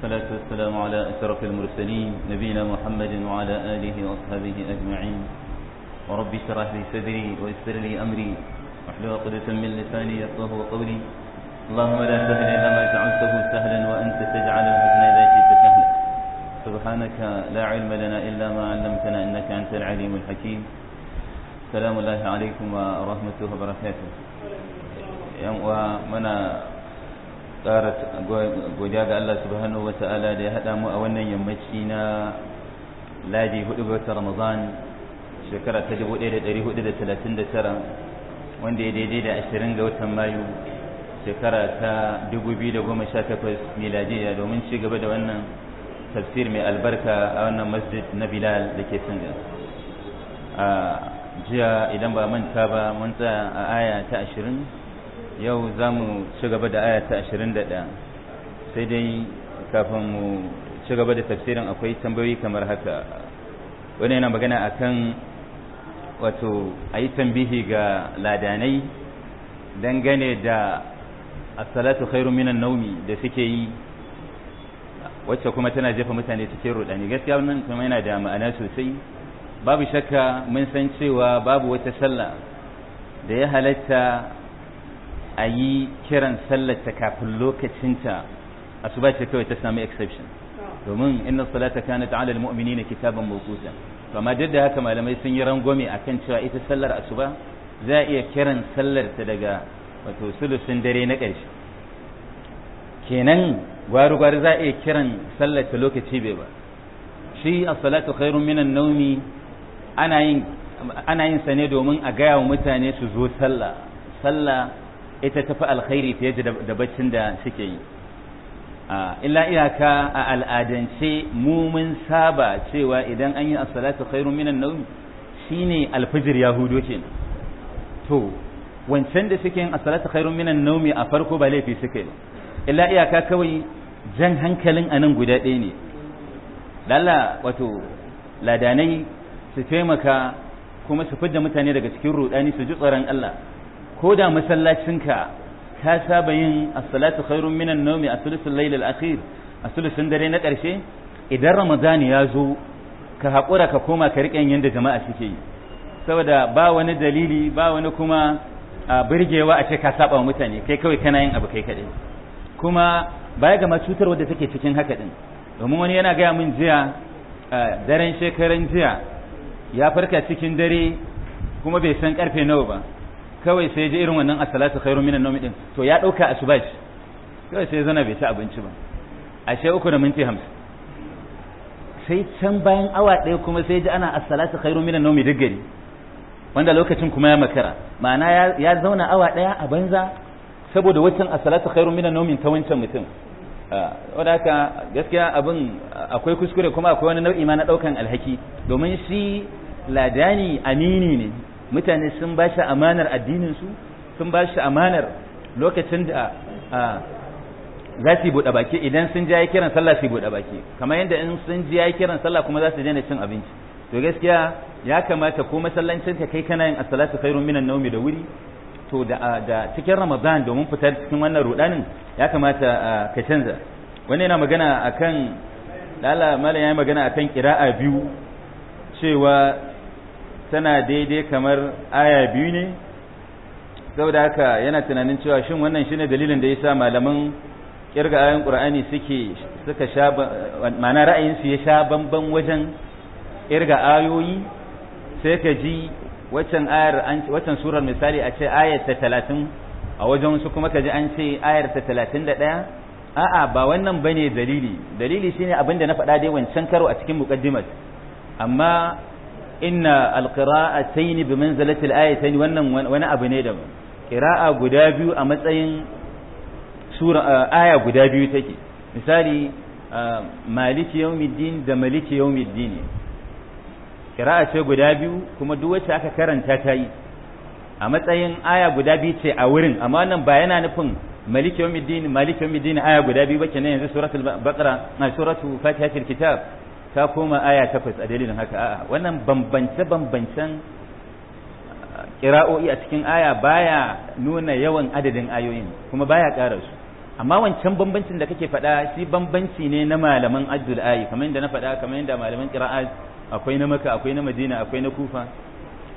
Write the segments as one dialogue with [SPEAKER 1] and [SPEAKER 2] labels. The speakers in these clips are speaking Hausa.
[SPEAKER 1] الصلاة والسلام على أشرف المرسلين نبينا محمد وعلى آله وأصحابه أجمعين ورب اشرح لي صدري ويسر لي أمري واحلل عقدة من لساني يفقه قولي اللهم لا سهل إلا ما جعلته سهلا وأنت تجعل الحزن إذا شئت سهلا سبحانك لا علم لنا إلا ما علمتنا إنك أنت العليم الحكيم سلام الله عليكم ورحمته وبركاته يوم ومنا ƙara godiya ga Allah subhanahu wa ta'ala da ya haɗa mu a wannan yammaci na ladi hudu ga watan ramadan shekara ta 1439 wanda ya daidai da 20 ga watan mayu shekara ta 2018 miladiya domin ci gaba da wannan tafsir mai albarka a wannan masjid na bilal da ke singa a jiya idan ba manta ba mun tsaya a aya ta ashirin. yau za mu ci gaba da aya ta ɗaya sai dai kafin mu ci gaba da tafsirin akwai tambayoyi kamar haka wani yana magana akan wato a yi tambihi ga ladanai dangane da asalatu khairu minan naumi da suke yi wacce kuma tana jefa mutane cikin rudani gaskiya wannan kuma yana da ma'ana sosai babu shakka mun san cewa babu wata sallah da ya halatta a yi kiran sallarta kafin lokacinta asuba ce kawai ta sami exception domin inna salata alal mu'mini na kitaban mawqutan to amma duk da haka malamai sun yi rangwame kan cewa ita sallar asuba za a iya kiran sallar ta daga wato sulusun dare na ƙarshe kenan gwari gwari za a iya kiran sallar ta lokaci bai ba shi as-salatu khairun minan nawmi ana yin ana sa ne domin a gaya wa mutane su zo sallah sallah ita tafi alkhairi fiye da baccin da suke yi illa iyaka a al'adance mu mun saba cewa idan an yi as-salatu khairun minan nawm shine alfijir ya to wancan da suke yin as-salatu khairun minan nawm a farko ba laifi suke illa iyaka kawai jan hankalin anan guda ɗaya ne lalla wato ladanai su taimaka kuma su fidda mutane daga cikin rudani su ji tsaron Allah ko da masallacinka ka saba yin as-salatu khairun minan nawmi a thuluthul layl al-akhir a thuluthun dare na ƙarshe idan ramadani ya zo ka haƙura ka koma ka riƙe yadda jama'a suke yi saboda ba wani dalili ba wani kuma a birgewa a ce ka saba wa mutane kai kawai kana yin abu kai kaɗai kuma baya gama cutar wadda take cikin haka din. domin wani yana gaya min jiya daren shekaran jiya ya farka cikin dare kuma bai san karfe nawa ba kawai sai ji irin wannan as-salatu khairu minan nawmi din to ya dauka asuba ce kawai sai zana bai ci abinci ba ashe uku da minti 50 sai can bayan awa ɗaya kuma sai ji ana as-salatu khairu minan nawmi duk gari wanda lokacin kuma ya makara ma'ana ya zauna awa ɗaya a banza saboda wancan as-salatu khairu minan nawmi ta wancan mutum wanda haka gaskiya abin akwai kuskure kuma akwai wani nau'i ma na daukan alhaki domin shi ladani amini ne mutane sun ba shi amanar addinin su sun ba shi amanar lokacin da za su yi buɗe baki idan sun ji ya kiran sallah su yi buɗe baki kamar yadda in sun ji ya kiran sallah kuma za su daina cin abinci to gaskiya ya kamata ko masallacin ka kai kana yin as-salatu khairun minan nawmi da wuri to da da cikin ramadan domin fitar cikin wannan rudanin ya kamata ka canza wani yana magana akan lala malam yayi magana akan qira'a biyu cewa tana daidai kamar aya biyu ne saboda haka yana tunanin cewa shin wannan shine dalilin da yasa malaman kirga ayoyin qur'ani suke suka sha ma'ana ra'ayin su ya sha bamban wajen kirga ayoyi sai ka ji waccan ayar waccan surar misali a ce ayar ta 30 a wajen su kuma ka ji an ce ayar ta ɗaya a'a ba wannan ba ne dalili dalili shine abin da na faɗa dai wancan karo a cikin muqaddimat amma inna alqira'atayn bi manzilati al-ayatayn wannan wani abu ne da qira'a guda biyu a matsayin sura eh, aya guda biyu take misali eh, maliki yawmiddin da maliki yawmiddin qira'a ce guda biyu kuma duk wacce aka karanta ta yi a matsayin aya guda biyu ce a wurin amma wannan ba yana nufin maliki yawmiddin maliki yawmiddin aya guda biyu bace ne yanzu suratul baqara eh, suratul fatihatul kitab ta koma aya takwas a dalilin haka a'a wannan bambance bambancen ah, kira'o'i a cikin aya baya nuna yawan adadin ayoyin kuma baya ƙara su amma wancan bambancin da kake faɗa shi bambanci ne na malaman addul ayi kamar yadda na faɗa kamar yadda malaman qira'a akwai na maka akwai na madina akwai na kufa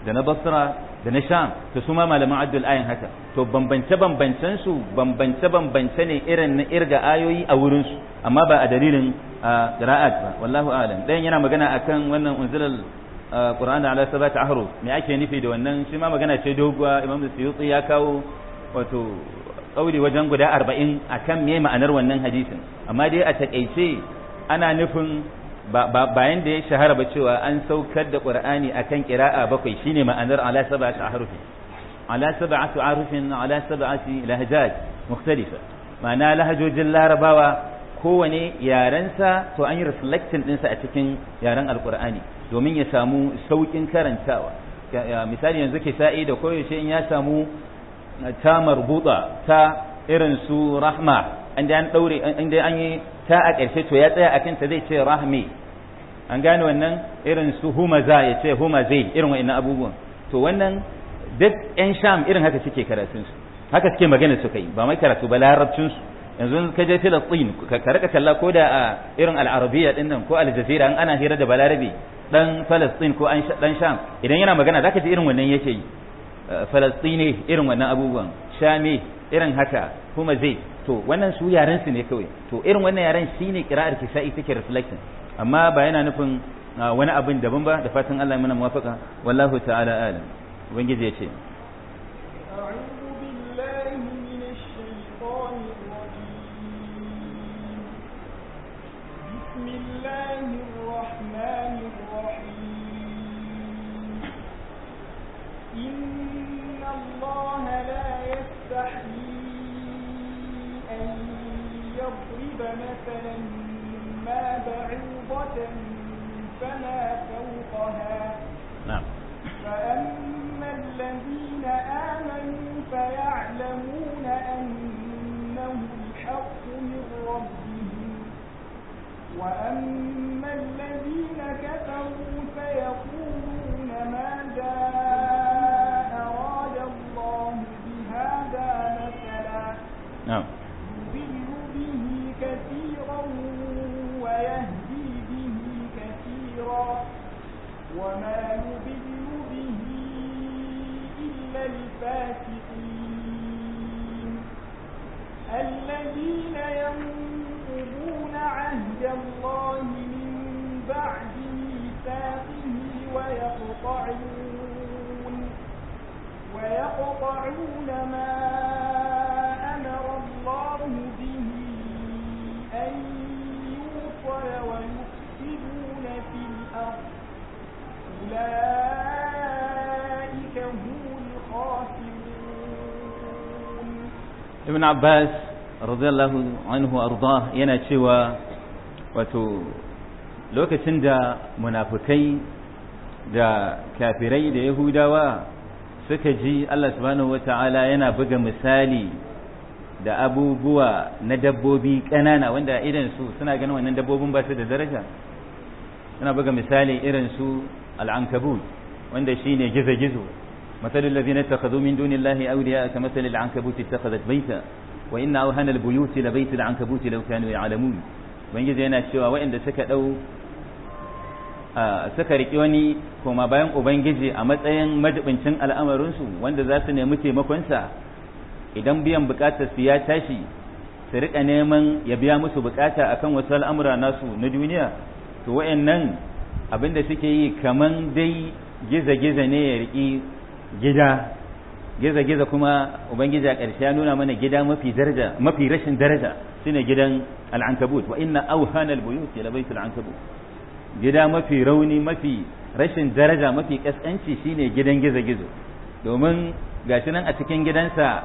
[SPEAKER 1] da na basra da na sham to su ma malaman addul ayin haka to bambance bambancen su bambance bambance ne irin na irga ayoyi a wurin su amma ba a dalilin a qira'at ba wallahu a'lam dan yana magana akan wannan unzilal da ala sabati ahruf me ake nufi da wannan shi ma magana ce doguwa imam suyuti ya kawo wato kauri wajen guda 40 akan me ma'anar wannan hadisin amma dai a takeice ana nufin ba bayan da ya shahara ba cewa an saukar da qur'ani akan qira'a bakwai shine ma'anar ala sabati ahrufin ala sab'ati ahrufin ala sab'ati lahajat mukhtalifa ma'ana lahajojin larabawa kowane yarensa to an yi reflecting ɗinsa a cikin yaren alkur'ani domin ya samu sauƙin karantawa misali yanzu ke sa'i da koyaushe in ya samu uh, ta marbuta ta irin su rahma an da an daure an da an yi ta a ƙarshe to ya tsaya akan ta zai ce rahmi an gane wannan irin su humaza ya ce humazai irin wa'annan abubuwan to wannan duk yan sham irin haka suke karatun su haka suke magana suka ba mai karatu ba larabcin su yanzu ka je Filistin ka rika kalla ko da a irin al'arabiya din nan ko aljazira an ana hira da balarabe dan Filistin ko dan Sham idan yana magana zaka ji irin wannan yake eh, Filistine irin wannan abubuwan Shame irin haka kuma zai to wannan su yaren su ne kawai to irin wannan yaren shine qira'ar kisa'i take reflecting amma ba yana nufin ah, wani abin daban ba da fatan Allah ya mana muwafaka wallahu ta'ala alim ubangiji ya ce
[SPEAKER 2] وأما الذين كفروا فيقولون ماذا أراد الله بهذا مثلا نعم يضل به كثيرا ويهدي به كثيرا وما يضل به إلا الفاسقين الذين ينظرون الله من بعد ميثاقه ويقطعون ويقطعون ما أمر الله به أن يوصل ويفسدون في الأرض أولئك هم الخاسرون
[SPEAKER 1] ابن عباس رضي الله عنه وارضاه yana cewa wato lokacin da munafukai da kafirai da yahudawa suka ji Allah subhanahu wata'ala yana buga misali da abubuwa na dabbobi ƙanana wanda irin su suna ganin wannan dabbobin ba su da daraja suna buga misali irin su al'ankabut wanda shine gizo-gizo مثل الذين اتخذوا من دون الله أولياء كمثل العنكبوت اتخذت بيتا وإن أوهن البيوت لبيت العنكبوت لو كانوا يعلمون ubangiji yana cewa waɗanda suka ɗau suka riƙi wani koma bayan ubangiji a matsayin majibincin al'amarinsu wanda za su nemi taimakonsa idan biyan bukatar su ya tashi su riƙa neman ya biya musu bukata akan wasu al'amura nasu na duniya to waɗannan abinda suke yi kaman dai giza-giza ne ya riƙi gida giza-giza kuma ubangiji a ƙarshe ya nuna mana gida mafi daraja mafi rashin daraja shine gidan al'ankabut wa inna auhana albuyut la baitul ankabut gida mafi rauni mafi rashin daraja mafi kaskanci shine gidan gizo-gizo domin shi nan a cikin gidansa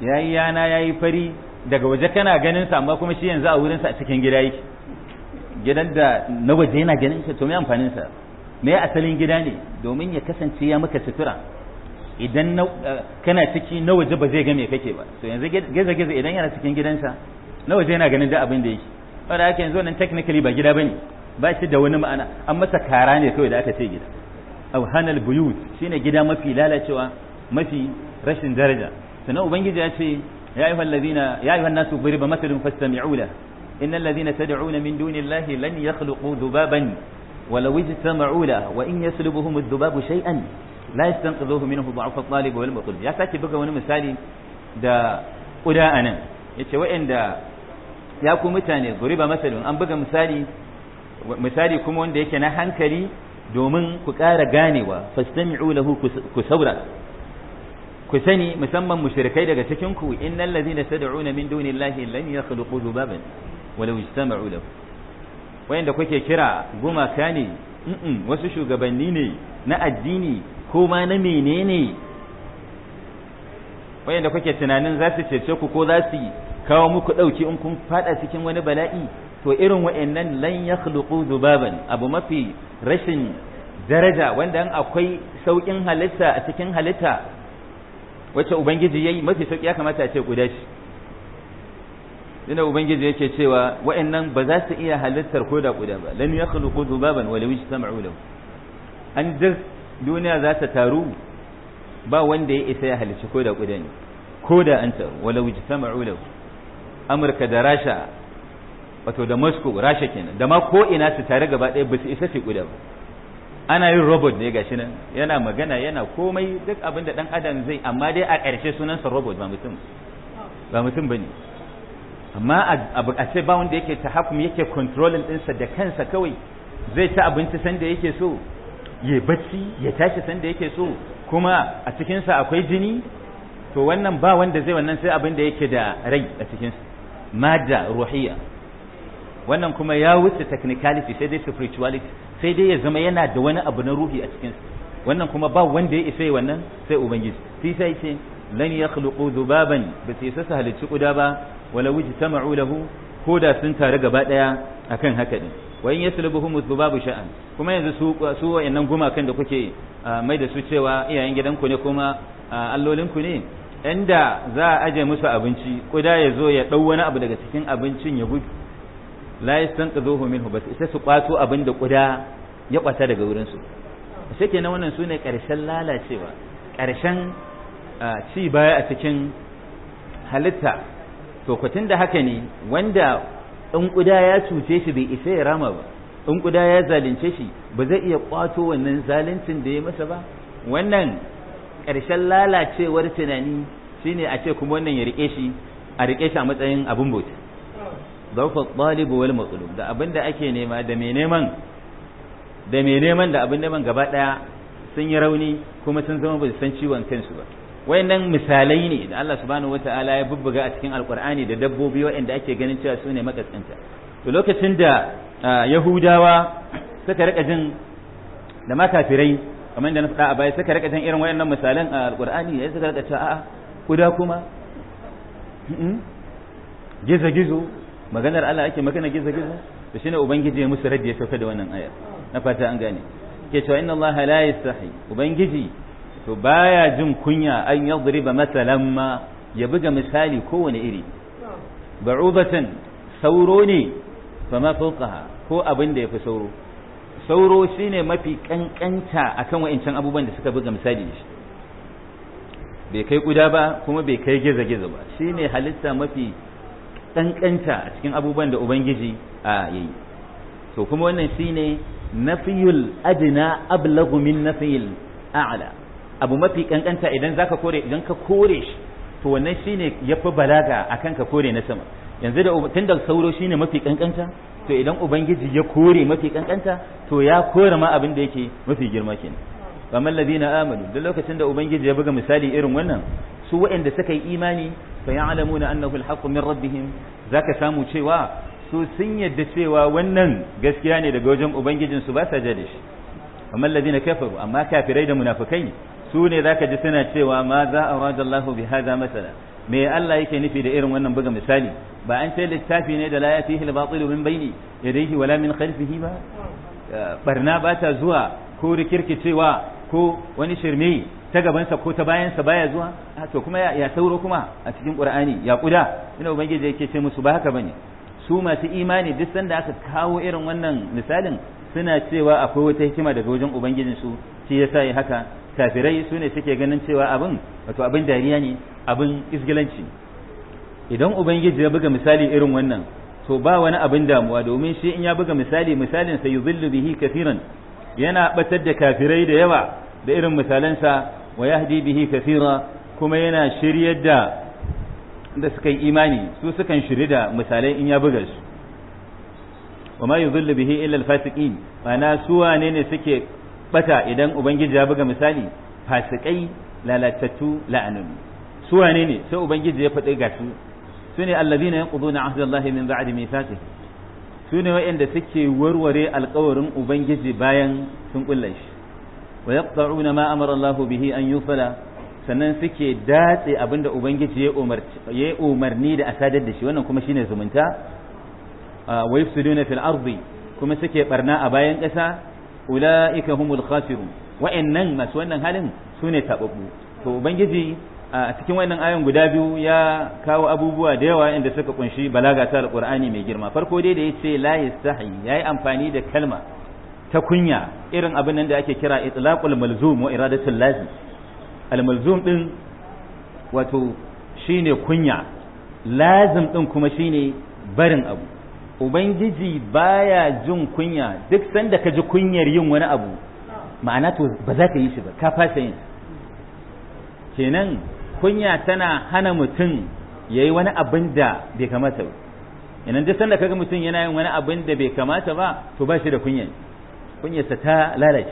[SPEAKER 1] yi yana yi fari daga waje kana ganin sa amma kuma shi yanzu a wurin sa a cikin gida yake gidan da na waje yana ganin sa to me amfanin sa me asalin gida ne domin ya kasance ya maka sutura idan kana ciki na waje ba zai ga me kake ba to yanzu gizo-gizo idan yana cikin gidansa na waje yana ganin da abin da yake wanda ake yanzu nan technically ba gida bane ba shi da wani ma'ana an masa kara ne kawai da aka ce gida aw hanal buyut shine gida mafi lalacewa mafi rashin daraja sannan ubangiji ya ce ya ayyuhal ladina ya ayyuhan nasu duriba masalun fastami'u la innal ladina tad'una min dunillahi lan yakhluqu dhubaban ولو اجتمعوا له وإن يسلبهم الذباب شيئا لا يستنقذوه منه ضعف الطالب يا ساكي بقى wani misali da ƙuda anan yace ya ku mutane zuriba masalun an buga misali misali kuma wanda yake na hankali domin ku ƙara ganewa fastami'u lahu ku saura ku sani musamman mushrikai daga cikin ku innal ladina tad'una min dunillahi lan yakhluqu dhubaban walau istama'u lahu wayanda kuke kira gumaka ne wasu shugabanni ne na addini ko ma na menene wayanda kuke tunanin za su cece ku ko za su kawo muku ɗauki in kun faɗa cikin wani bala'i to irin wa'annan lan ya zubaban abu mafi rashin daraja wanda an akwai sauƙin halitta a cikin halitta wacce ubangiji ya yi mafi sauƙi ya kamata a ce guda shi ina ubangiji yake cewa wa'annan ba za su iya halittar ko da guda ba lan ya zubaban wala wuce sam'u lahu an duk duniya za ta taru ba wanda ya isa ya halicci ko da guda ne ko da an taru wala wuce sam'u lahu amurka da rasha wato da moscow rasha kenan da ma ko ina su tare gaba ɗaya ba su isa su ba ana yin robot ne gashi nan yana magana yana komai duk abin da dan adam zai amma dai a ƙarshe sunansa robot ba mutum ba mutum bane amma a ce ba wanda yake ta tahakkum yake controlling ɗinsa da kansa kawai zai ci abinci sanda yake so ya bacci ya tashi sanda yake so kuma a cikinsa akwai jini to wannan ba wanda zai wannan sai abin da yake da rai a cikinsa mada ruhiya wannan kuma ya wuce technicality sai dai spirituality sai dai ya zama yana da wani abu na ruhi a cikin wannan kuma ba wanda ya isa wannan sai ubangiji sai sai ce lan yakhluqu dhubaban bi sai sa halicci kuda ba wala tamu lahu ko da sun tare gaba daya akan haka din wa in yaslubuhum dhubabu sha'an kuma yanzu su su wayannan gumakan da kuke ah, mai da su cewa iyayen gidanku ne kuma ah, allolinku ne inda za a aje musu abinci kuda ya zo ya ɗau wani abu daga cikin abincin ya gudu la yastanqidhuhu minhu bas isa su kwato abin da kuda ya kwata daga wurin su sai kenan wannan sune karshen lalacewa karshen ci baya a cikin halitta to kwatin da haka ne wanda in kuda ya cuce shi bai isa ya rama ba in kuda ya zalunce shi ba zai iya kwato wannan zaluncin da ya masa ba wannan ƙarshen lalacewar tunani shine a ce kuma wannan ya rike shi a rike shi a matsayin abin bauta zawfa talibu wal matlub da abin da ake nema da mai neman da mai neman da abin neman gaba ɗaya sun yi rauni kuma sun zama ba su san ciwon kansu ba wayannan misalai ne da Allah subhanahu wataala ya bubbuga a cikin alkur'ani da dabbobi waɗanda ake ganin cewa su ne makaskanta to lokacin da ah, yahudawa suka rika jin da makafirai kamar da na faɗa a baya suka rika jan irin wayannan misalan a alqur'ani ya suka rika cewa a'a kuda kuma hmm? gizo gizo maganar Allah ake magana gizo gizo to shine ubangiji ya musu raddi ya sauka da wannan ayar na fata an gane ke cewa inna Allah la yastahi ubangiji to baya jin kunya an yadriba masalan ma ya buga misali kowane iri ba'udatan sauro ne ma fawqaha ko abin da yafi sauro sauro shine mafi kankanta akan wa'incan abubuwan da suka buga misali shi bai kai kuda ba kuma bai kai gizo-gizo ba shine halitta mafi kankanta a cikin abubuwan da ubangiji a yayi to kuma wannan shine nafiyul adna ablagu min nafiyil a'la abu mafi kankanta idan zaka kore idan ka kore shi to wannan shine yafi balaga akan ka kore na sama yanzu da tunda sauro shine mafi kankanta to idan ubangiji ya kore mafi kankanta to ya kore ma abin da yake mafi girma kenan kamar ladina amanu duk lokacin da ubangiji ya buga misali irin wannan su waɗanda suka yi imani fa ya'lamuna annahu al-haqqu min rabbihim zaka samu cewa su sun yadda cewa wannan gaskiya ne daga wajen ubangijin su ba sa jade shi kamar na kafaru amma kafirai da munafukai su ne zaka ji suna cewa ma za arada Allahu bi hadha masala me Allah yake nufi da irin wannan buga misali ba an ce littafi ne da la yatihi al-batilu min bayni yadayhi wala min khalfihi ba barna ba ta zuwa ko rikirkicewa ko wani shirme ta gabansa ko ta bayansa baya zuwa to kuma ya sauro kuma a cikin qur'ani ya kuda ina ubangiji yake ce musu ba haka bane su masu imani duk sanda aka kawo irin wannan misalin suna cewa akwai wata hikima daga wajen ubangijin su shi yasa yi haka kafirai su ne suke ganin cewa abin wato abin dariya ne abin isgilanci idan ubangiji ya buga misali irin wannan to ba wani abin damuwa domin shi in ya buga misali misalin sa yuzillu bihi kafiran yana batar da kafirai da yawa da irin misalansa wa yahdi bihi kafira kuma yana shiryar da da suka imani su sukan shiri da misalai in ya buga su wa ma yuzillu bihi illa al-fasiqin ma'ana su wane ne suke bata idan ubangiji ya buga misali fasikai lalatattu la'anun su wane ne sai ubangiji ya faɗi ga su su ne allazina yanquduna ahdallahi min ba'di mithaqihi su ne wa'anda suke warware alƙawarin ubangiji bayan sun kulla shi wa yaqta'una ma amara Allahu bihi an yufala sannan suke datse abinda ubangiji ya ya umarni da asadar da shi wannan kuma shine zumunta ah, wa yufsiduna fil ardi kuma suke barna a bayan ƙasa ulaika humul khasirun wa'annan masu wannan halin sune tababbu to ubangiji a cikin wannan ayan guda biyu ya kawo abubuwa da yawa inda suka kunshi balaga ta alqur'ani mai girma farko dai da yace la yastahi yayi amfani da kalma ta kunya irin abin nan da ake kira itlaqul malzum wa iradatul lazim al malzum din wato shine kunya lazim din kuma shine barin abu ubangiji baya jin kunya duk sanda ka ji kunyar yin wani abu ma'ana to ba za ka yi shi ba ka fasa yin kenan kunya tana hana mutum ya yi wani abin da bai kamata ba idan duk sanda ga mutum yana yin wani abin da bai kamata ba to ba shi da kunya kunyarsa ta lalace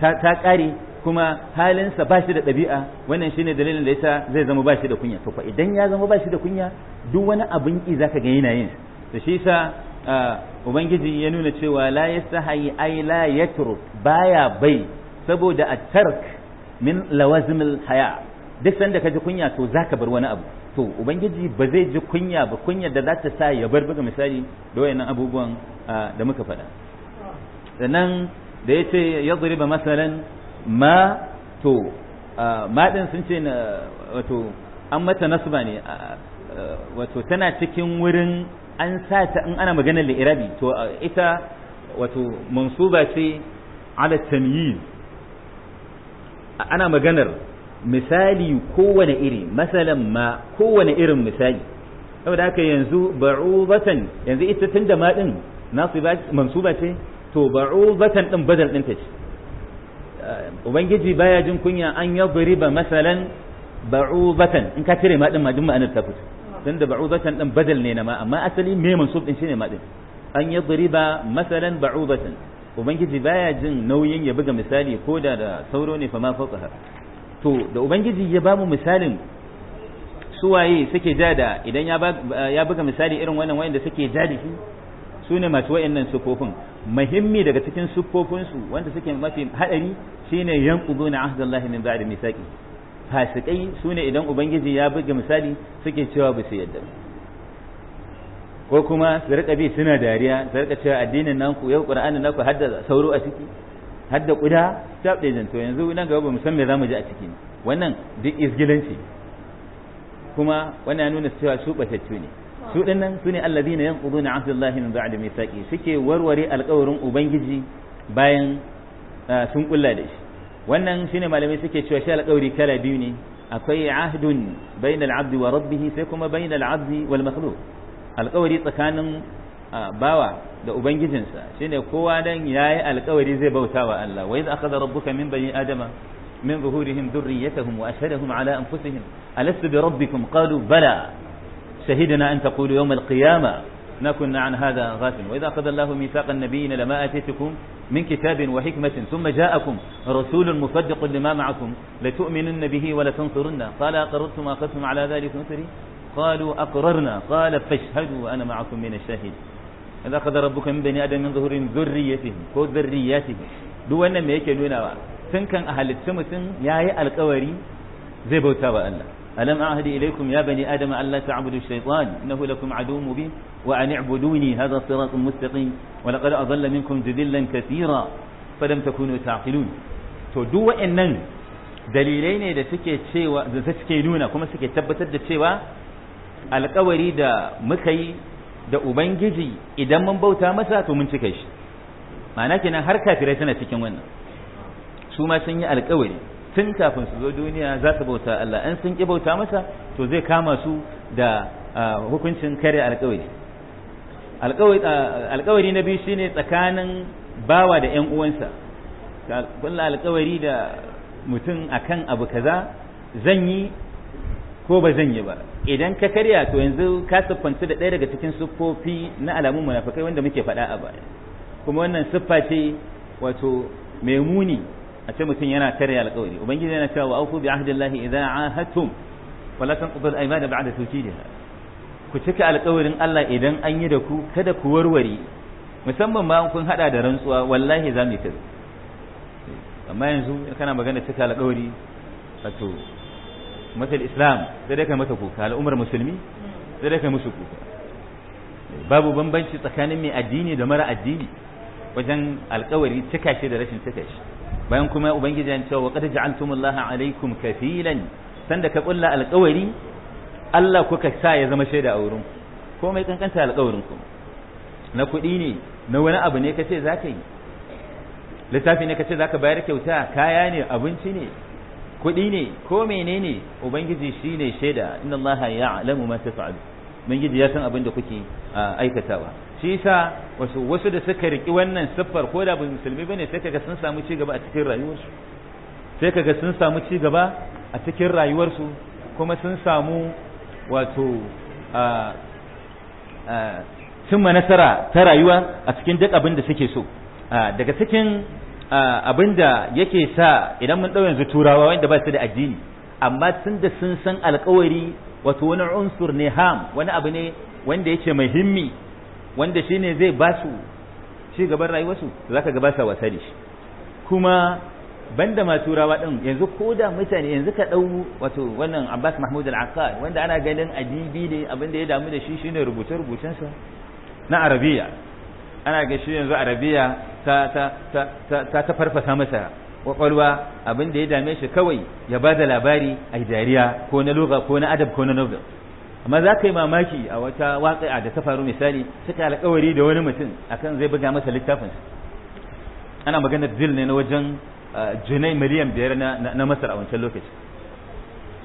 [SPEAKER 1] ta ta kare kuma halinsa ba shi da ɗabi'a wannan shine dalilin da yasa zai zama ba shi da kunya to fa idan ya zama ba shi da kunya duk wani abin ki zaka ga yana yin da shi sa ubangiji ya nuna cewa la sahayi ay la yatruk baya bai saboda a tark min lawazimil haya duk sanda ka ji kunya to za ka bar wani abu to ubangiji ba zai ji kunya ba kunyar da za ta sa ya bar buga misali da wayannan abubuwan da muka faɗa sannan da ya ce ya ba masalan ma to ma ɗin sun ce wato an mata nasuba ne wato tana cikin wurin an sa ta in ana maganar li'irabi to ita wato mansuba ce ala tamyiz ana maganar misali kowane iri masalan ma kowane irin misali saboda haka yanzu ba'ubatan yanzu ita da ma din mansuba ce to ba'ubatan din badal din ta ce ubangiji baya jin kunya an yadriba masalan ba'ubatan in ka cire ma din ma din ma'anar ta fito dan da ba'udatan dan badal ne na ma amma asali me mansub din shine ma din an yadriba masalan ba'udatan ubangiji baya jin nauyin ya buga misali ko da da sauro ne fa ma fawqaha to da ubangiji ya bamu misalin suwaye suke ja idan ya buga misali irin wannan da suke ja da shi su ne masu wayannan sukofin muhimmi daga cikin su wanda suke mafi hadari shine yanquduna ahdallahi min ba'di misaki. fasikai su ne idan ubangiji ya buga misali suke cewa ba su yadda ko kuma su rika bi suna dariya su rika cewa addinin ku yau qur'anin ku hadda sauro a ciki hadda kuda ta ɗaya yanzu nan gaba ba mu san me zamu ji a ciki wannan duk izgilanci kuma wannan ya nuna cewa su bataccu ne su dinnan su ne allazina yanquduna ahdallahi min ba'di mithaqi suke warware alƙawarin ubangiji bayan ah, sun kulla da shi wannan shine malamai suke cewa shi alƙawari kala biyu ne akwai ahdun bainal abdi wa rabbih sai kuma bainal abdi wal makhluq alƙawari tsakanin bawa da ubangijinsa shine kowa dan yayi alƙawari zai bauta wa Allah wa idza akhadha rabbuka min bani adama min zuhurihim dhurriyyatahum wa ashhadahum ala anfusihim alastu bi rabbikum qalu bala shahidna an taqulu yawm alqiyama ما كنا عن هذا غافل وإذا أخذ الله ميثاق النبيين لما آتيتكم من كتاب وحكمة ثم جاءكم رسول مصدق لما معكم لتؤمنن به ولتنصرن قال أقررتم أخذتم على ذلك نصري قالوا أقررنا قال فاشهدوا أنا معكم من الشاهد إذا أخذ ربك من بني آدم من ظهور ذريتهم كو ذرياتهم دو wannan me yake nunawa tun kan a halittu mutum ya yi alkawari zai ألم أعهد إليكم يا بني آدم ألا تعبدوا الشيطان إنه لكم عدو مبين وأن اعبدوني هذا صراط مستقيم ولقد أضل منكم كثيرا فلم تكونوا تعقلون to duk wa'annan dalilai ne da suke nuna kuma suke tabbatar da cewa alkawari da muka yi da ubangiji idan mun bauta masa to mun cika shi ma'ana har kafirai suna cikin wannan su ma sun yi alkawari tun kafin su zo duniya za su bauta Allah an sun ki bauta masa to zai kama su da hukuncin kare alkawari alkawari na biyu shine tsakanin bawa da ƴan uwansa kulla alkawari da mutum akan abu kaza zan yi ko ba zan yi ba idan ka karya to yanzu ka siffanci da ɗaya daga cikin siffofi na alamun munafikai wanda muke faɗa a baya kuma wannan siffa ce wato mai muni a ce mutum yana karya alƙawari ubangiji yana cewa aufu bi ahdillahi idza ahadtum wala tanqudul aymana ba'da tawkidiha ku cika alƙawarin Allah idan an yi da ku kada ku warware musamman bayan kun hada da rantsuwa wallahi za mu yi amma yanzu kana magana cika alƙawari wato masal islam sai dai kai mata kuka al'ummar musulmi sai dai kai musu kuka babu bambanci tsakanin mai addini da mara addini wajen alkawari cika shi da rashin cika shi bayan kuma ubangiji ya ce wa qad ja'altumullaha alaikum kafilan sanda ka kulla alƙawari Allah kuka sa ya zama shaida a wurin ko mai kankanta alƙawarin ku na kuɗi ne na wani abu ne kace za yi litafi ne kace za bayar kyauta kaya ne abinci ne kuɗi ne ko menene ubangiji shine shaida inna allaha ya'lamu ma tas'alun ubangiji ya san abin da kuke aikatawa shi yasa wasu wasu da suka riki wannan siffar ko da musulmi bane sai kaga sun samu ci gaba a cikin rayuwarsu sai kaga sun samu ci gaba a cikin rayuwarsu kuma sun samu wato cimma nasara ta rayuwa a cikin duk abin da suke so daga cikin abin da yake sa idan mun ɗau yanzu turawa wanda ba su da addini amma sun da sun san alkawari wato wani unsur ne ham wani abu ne wanda yake muhimmi wanda shine zai ba su ci gaban su zaka ga ba sa wasa da shi kuma banda ma turawa din yanzu ko da mutane yanzu ka dau wato wannan Abbas Mahmud Al-Aqad wanda ana ganin adibi ne abin da ya damu da shi shine rubuce rubucen sa na Arabiya ana ga shi yanzu Arabiya ta ta ta ta, ta farfasa masa kwakwalwa abin da ya dame shi kawai ya ba da labari a dariya ko na lugha ko na adab ko na novel amma za ka yi mamaki a wata waƙi'a da ta faru misali suka alƙawari da wani mutum akan zai buga masa littafin ana maganar dil ne na wajen ah, junai miliyan biyar na masar a wancan lokaci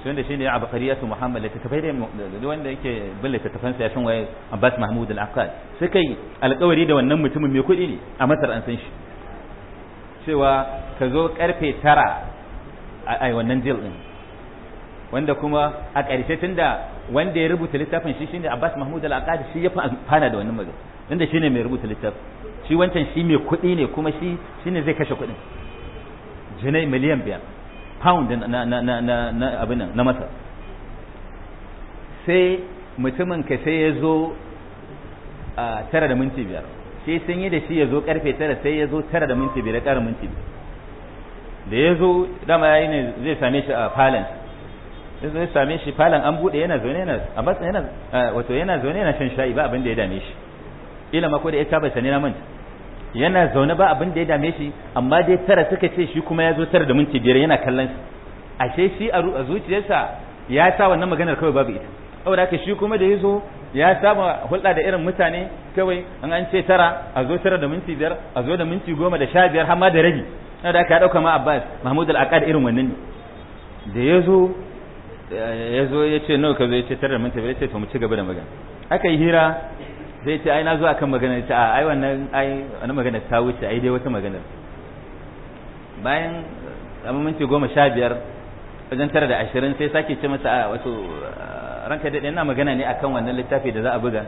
[SPEAKER 1] sun da shi ne abakariyatu muhammad tattafai da wanda yake bala tattafansa ya san waye abbas mahmud al-aqal suka yi alƙawari da wannan mutumin mai kuɗi ne a masar an san shi cewa ka zo karfe tara a wannan jil din wanda kuma a ƙarshe tun da wanda ya rubuta littafin shi shine Abbas Mahmud Al-Aqadi shi ya fana da wannan magana tunda shine mai rubuta littafi shi wancan shi mai kuɗi ne kuma shi shine zai kashe kuɗin jinai miliyan biyar pound na na na na abin nan na masa sai mutumin ka sai ya zo a tara da minti biyar sai sun yi da shi ya zo karfe tara sai ya zo tara da minti biyar ƙara minti da ya zo dama ya yi ne zai same shi a falon zai same shi falon an buɗe yana zaune yana a matsa yana wato yana zaune yana shan shayi ba abin da ya dame shi ila ma ko da ya taba sani na manta yana zaune ba abin da ya dame shi amma dai tara suka ce shi kuma ya zo tara da minti biyar yana kallon shi ashe shi a zuciyarsa ya sa wannan maganar kawai babu ita saboda haka shi kuma da ya zo ya saba hulɗa da irin mutane kawai an an ce tara a zo tara da minti biyar a zo da minti goma da sha biyar har ma da rabi na da aka ɗauka ma abbas mahmud al-aqad irin wannan ne da ya zo ya zo ya ce nawa ka zo ya ce tara da minti biyar ya ce to mu ci gaba da magana aka yi hira sai ce ai na zo akan magana ta a ai wannan ai wannan magana ta wuce ai dai wata magana bayan amma minti goma sha biyar wajen tara da ashirin sai sake ce masa a wato eh, ranka daɗe na magana ne akan wannan littafi da za a buga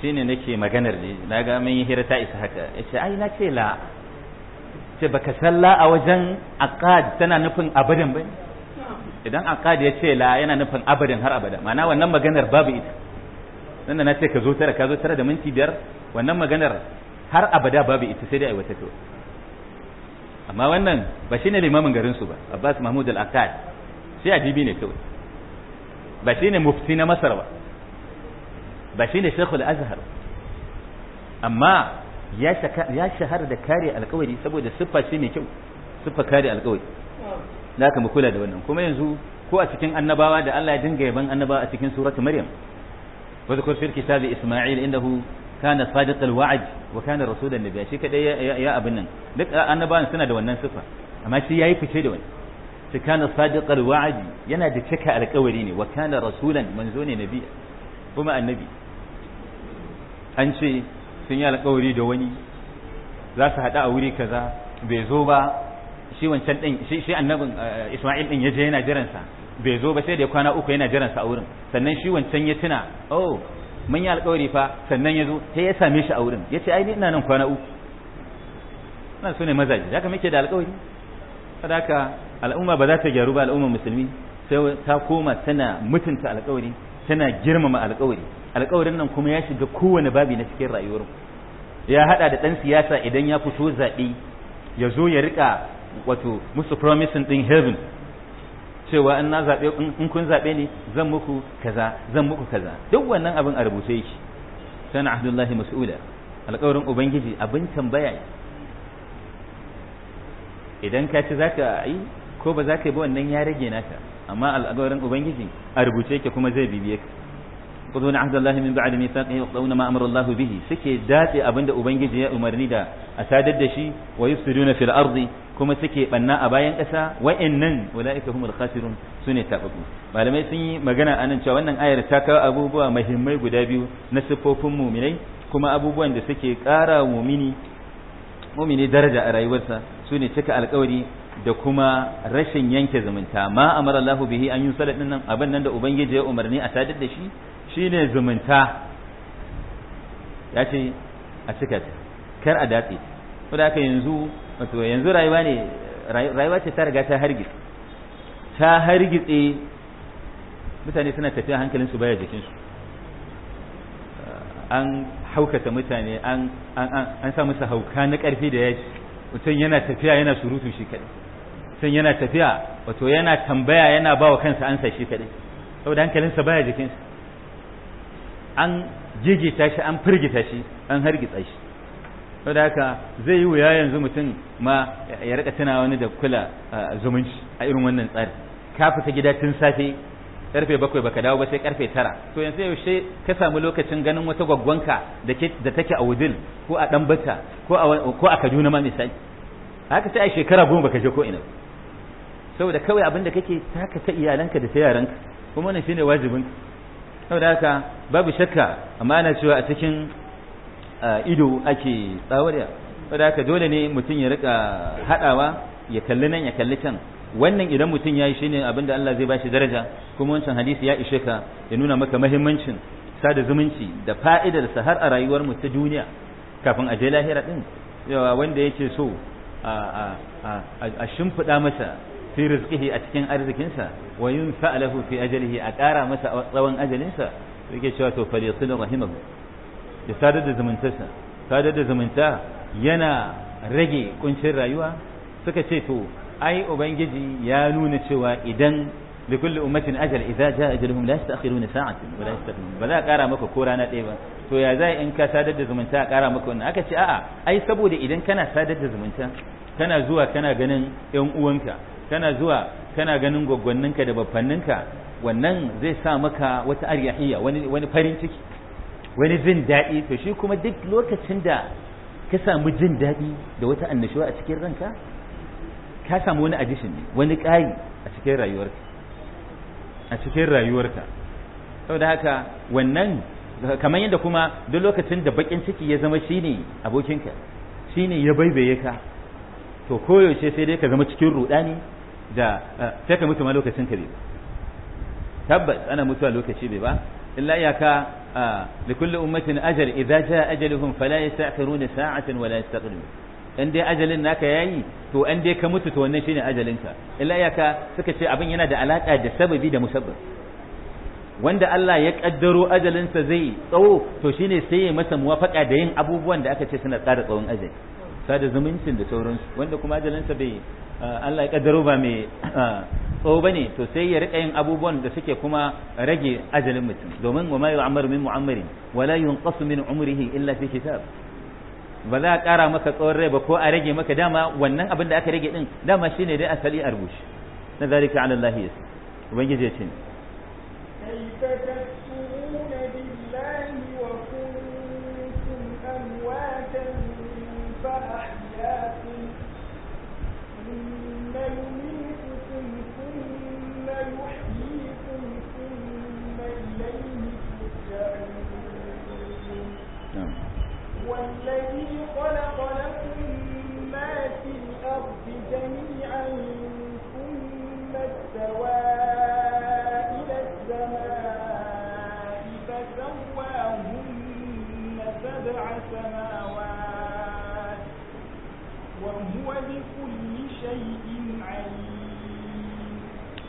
[SPEAKER 1] shi ne nake maganar ne na ga mun yi hira ta isa haka ya ce ai na ce la ce baka salla a wajen aqad tana nufin abadan ba idan aqad ya ce la yana nufin abadan har abada ma'ana wannan maganar babu ita nan na ce ka zo tara ka zo tara da minti biyar wannan maganar har abada babu ita sai dai aiwatar amma wannan ba shi ne limamin garinsu ba abbas mahmud al-akkad shi ajibi ne kawai ba shi ne mufti na masar ba ba shi ne shekul azhar amma ya shahara da kare alkawari saboda siffa shi mai kyau siffa kare alkawari na ka mu kula da wannan kuma yanzu ko a cikin annabawa da Allah ya dinga yaban annabawa a cikin suratu maryam wa zkur fil kitabi isma'il innahu kana sadiqal wa'd wa kana rasulan nabiy shi kadai ya abin nan duk annabawan suna da wannan sifa amma shi yayi fice da wani shi kana sadiqal wa'd yana da cika alƙawari ne wa kana rasulan manzo ne nabiy kuma annabi an ce sun yi alƙawari da wani za su haɗu a wuri kaza bai zo ba shi wancan din shi shi annabin eh, Isma'il din yaje yana jiransa bai zo ba sai da kwana uku yana jiransa a wurin sannan shi wancan ya tuna oh mun yi alƙawari fa sannan ya zo sai ya same shi a wurin ya ce ai ni ina nan kwana uku nan su ne mazaji haka muke da alƙawari sadaka al'umma ba za ta gyaru ba al'umma musulmi sai ta koma tana mutunta alƙawari tana girmama alƙawari alƙawarin nan kuma ya shiga kowane babi na cikin rayuwar ya hada da ɗan siyasa idan ya fito zaɓe ya zo ya rika wato musu promising ɗin heaven cewa in na zabe in kun zabe ni zan muku kaza zan muku kaza duk wannan abin a rubuce yake sana abdullahi mas'ula alƙawarin ubangiji abin tambaya idan ka ci zaka yi ko ba zaka yi ba wannan ya rage naka amma alƙawarin ubangiji a rubuce yake kuma zai bibiye ka khudhu na ahdallahi min ba'di mithaqihi waqdawna ma amara Allahu bihi suke dace abinda ubangiji ya umarni da a sadar da shi wa yufsiduna fil ardi kuma suke banna a bayan ƙasa wa'annan wala'ika humul khasirun sune tababu malamai sun yi magana a nan cewa wannan ayar ta kawo abubuwa muhimmai guda biyu na siffofin muminai kuma abubuwan da suke ƙara mumini mumini daraja a rayuwarsa sune cika alƙawari da kuma rashin yanke zumunta ma amara Allahu bihi an yi salat nan abin nan da ubangiji ya umarni a sadar da shi shine zumunta ya ce a cika kar a datse da haka yanzu wato yanzu rayuwa ne rayuwa ce ta riga ta hargitse ta hargitse mutane suna tafiya hankalinsu baya jikinsu ah, an haukata mutane an an sa musu hauka na ƙarfi da yaji mutum yana tafiya yana surutu shi kaɗai mutum yana tafiya wato yana tambaya yana ba wa kansa ansa shi kaɗai saboda hankalinsa baya jikinsa an jijita shi an firgita shi an hargitsa shi saboda haka zai yi wuya yanzu mutum ma ya rika tana wani da kula zumunci a irin wannan tsari ka fita gida tun safe karfe bakwai baka dawo ba sai karfe tara to yanzu yaushe ka samu lokacin ganin wata gwaggwanka da ke da take a wudil ko a dan bata ko a ko a Kaduna ma misali haka sai a shekara goma baka je ko ina saboda kawai abin da kake taka ta iyalanka da ta yaranka kuma wannan shine wajibin saboda haka babu shakka amma ana cewa a cikin ido ake tsawariya saboda haka dole ne mutum ya rika hadawa ya kalli nan ya kalli can wannan idan mutum ya yi shine abin da Allah zai bashi daraja kuma wancan hadisi ya ishe ka ya nuna maka mahimmancin sada zumunci da fa'idar sa har a rayuwar mu ta duniya kafin a je lahira din yawa wanda yake so a a shimfida masa fi rizqihi a cikin arzikinsa wa yunfa lahu fi ajalihi a ƙara masa tsawon ajalinsa yake cewa to falyasil rahimahu Da sadar da zumuntarsa sadar da zumunta yana rage kuncin rayuwa suka ce to ai ubangiji ya nuna cewa idan likulli ummatin ajal idza jaa ajaluhum la yasta'khiruna sa'atan wa la yastaqdimun ba za a kara maka ko rana ɗaya ba to ya za in ka sadar da zumunta a kara maka wannan aka ce a'a ai saboda idan kana sadar da zumunta kana zuwa kana ganin ƴan uwanka kana zuwa kana ganin gwaggwanninka da babbanninka wannan zai sa maka wata aryahiya wani wani farin ciki wani jin daɗi to shi kuma duk lokacin da ka samu jin daɗi da wata annashuwa a cikin ranka ka samu wani addition ne wani ƙari a cikin rayuwarka a cikin rayuwarka saboda haka wannan kamar yadda kuma duk lokacin da bakin ciki ya zama shine abokinka shine ya baibaye ka to koyaushe sai dai ka zama cikin rudani da eh, sai ka mutu ma lokacin ka bai tabbas ana mutuwa lokaci bai ba illa iyaka li kulli ummatin ajal idza jaa ajaluhum fala yasta'khiruna sa'atan wala yastaqdimu in dai ajalin naka yayi to an dai ka mutu to wannan shine ajalinka illa iyaka suka ce abin yana da alaka da sababi da wanda Allah ya kaddaro ajalinsa zai tsawo to shine sai ya masa muwafaka da yin abubuwan da aka ce suna tsara tsawon ajali sada zumuncin da sauransu wanda kuma ajalinsa bai Allah ya kaddaro ba mai tsawo bane to sai ya rika yin abubuwan da suke kuma rage ajalin mutum domin wa ma yu'ammar min mu'ammarin wala yunqasu min umrihi illa fi kitab ba za a kara maka tsawon rai ba ko a rage maka dama wannan abin da aka rage din dama shine dai asali a rubuce na zalika ala Allah yas ubangiji ya ce فأحييناكم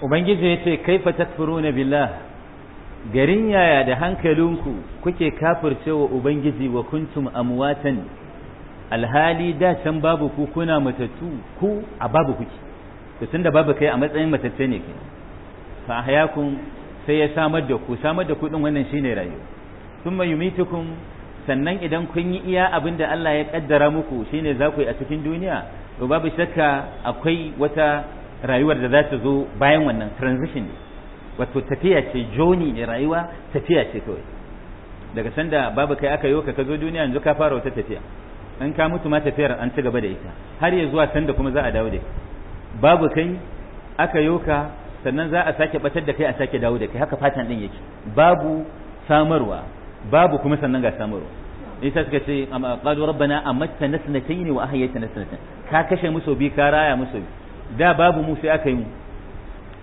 [SPEAKER 1] ubangiji ya ce fa takfuruna billah garin yaya da hankalinku kuke kafircewa ubangiji wa kuntum amwatan alhali da can babu ku kuna matattu ku a babu kuke to tunda babu kai a matsayin matacce ne ke fa ahyakum sai ya samar da ku samar da ku din wannan shine rayuwa thumma yumitukum sannan idan kun yi iya abin da Allah ya kaddara muku shine za ku yi a cikin duniya to babu shakka akwai wata rayuwar da za ta zo bayan wannan transition ne wato tafiya ce joni ne rayuwa tafiya ce kawai daga sanda babu kai aka yi ka ka zo duniya yanzu ka fara wata tafiya in ka mutu ma tafiyar an ci gaba da ita har ya zuwa sanda kuma za a dawo da babu kai aka yi ka sannan za a sake batar da kai a sake dawo da kai haka fatan din yake babu samarwa babu kuma sannan ga samarwa isa suka ce amma qalu rabbana amatta nasnatayn wa ahyaytana nasnatayn ka kashe musu bi ka raya musu bi da babu mu sai aka yi mu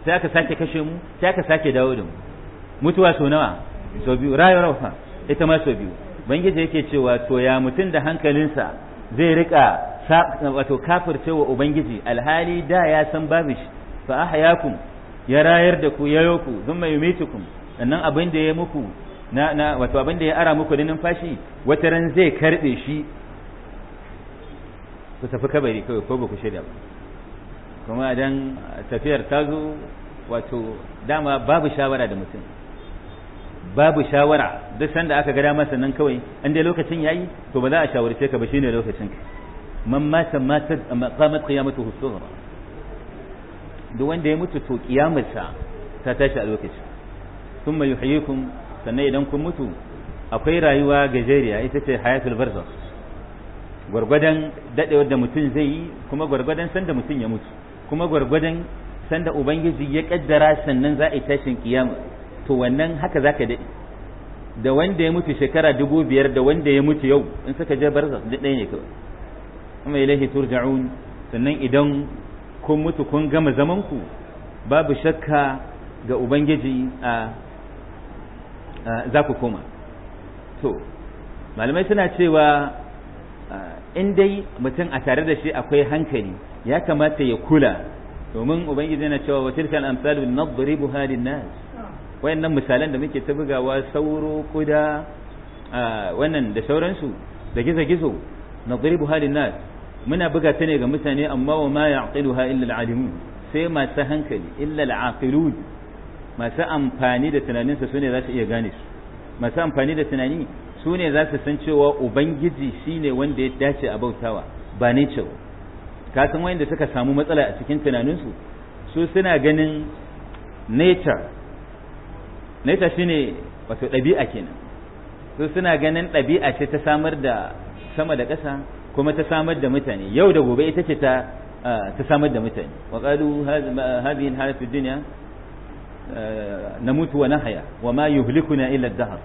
[SPEAKER 1] sai aka sake kashe mu sai aka sake dawo da mu mutuwa sau nawa sau biyu rayuwar fa ita ma sau biyu bangiji yake cewa to ya mutum da hankalinsa zai rika wato kafircewa ubangiji alhali da ya san babu shi fa ahyakum ya rayar da ku ya yoku mai yumitukum sannan abin da ya muku na na wato abin da ya ara muku da numfashi wata ran zai karbe shi ku tafi kabari kawai ko ba ku shirya ba kuma idan tafiyar ta zo wato dama babu shawara da mutum babu shawara duk sanda aka ga dama sannan kawai an dai lokacin yayi to ba za a shawarce ka ba shine lokacin ka man mata mata qamat qiyamatuhu sughra duk wanda ya mutu to qiyamarsa ta tashi a lokacin thumma yuhyikum sannan idan kun mutu akwai rayuwa gajeriya ita ce hayatul barzakh gwargwadon dadewar da mutum zai yi kuma gwargwadon sanda mutum ya mutu kuma gwargwadon sanda ubangiji ya kaddara sannan za a tashin kiyama to wannan haka zaka daɗe da wanda ya mutu shekara dubu biyar da wanda ya mutu yau in suka je barza duk ɗaya ne kawai kuma ilahi turja'un sannan idan kun mutu kun gama zaman babu shakka ga ubangiji a za ku koma to malamai suna cewa in dai mutum a tare da shi akwai hankali ya kamata ya kula domin ubangiji yana cewa wa tilkal amsalu nadribuha nas wayannan misalan da muke ta bugawa sauro kuda wannan da sauransu da gizo gizo nadribuha nas muna buga ta ne ga mutane amma wa ma ya'qiluha illa al'alimun sai masu hankali illa al'aqilun masu amfani da tunaninsa sune za su iya gane su masu amfani da tunani su ne za su san cewa ubangiji shine wanda ya dace a bautawa ba ne cewa ka san wayanda suka samu matsala a cikin tunaninsu su suna ganin nature nature shine wato ɗabi'a kenan su suna ganin ɗabi'a ce ta samar da sama da ƙasa kuma ta samar da mutane yau da gobe ita ce ta ta samar da mutane wa qalu hadhihi al-hayatu ad-dunya namutu wa nahya wa ma yuhlikuna illa ad-dahr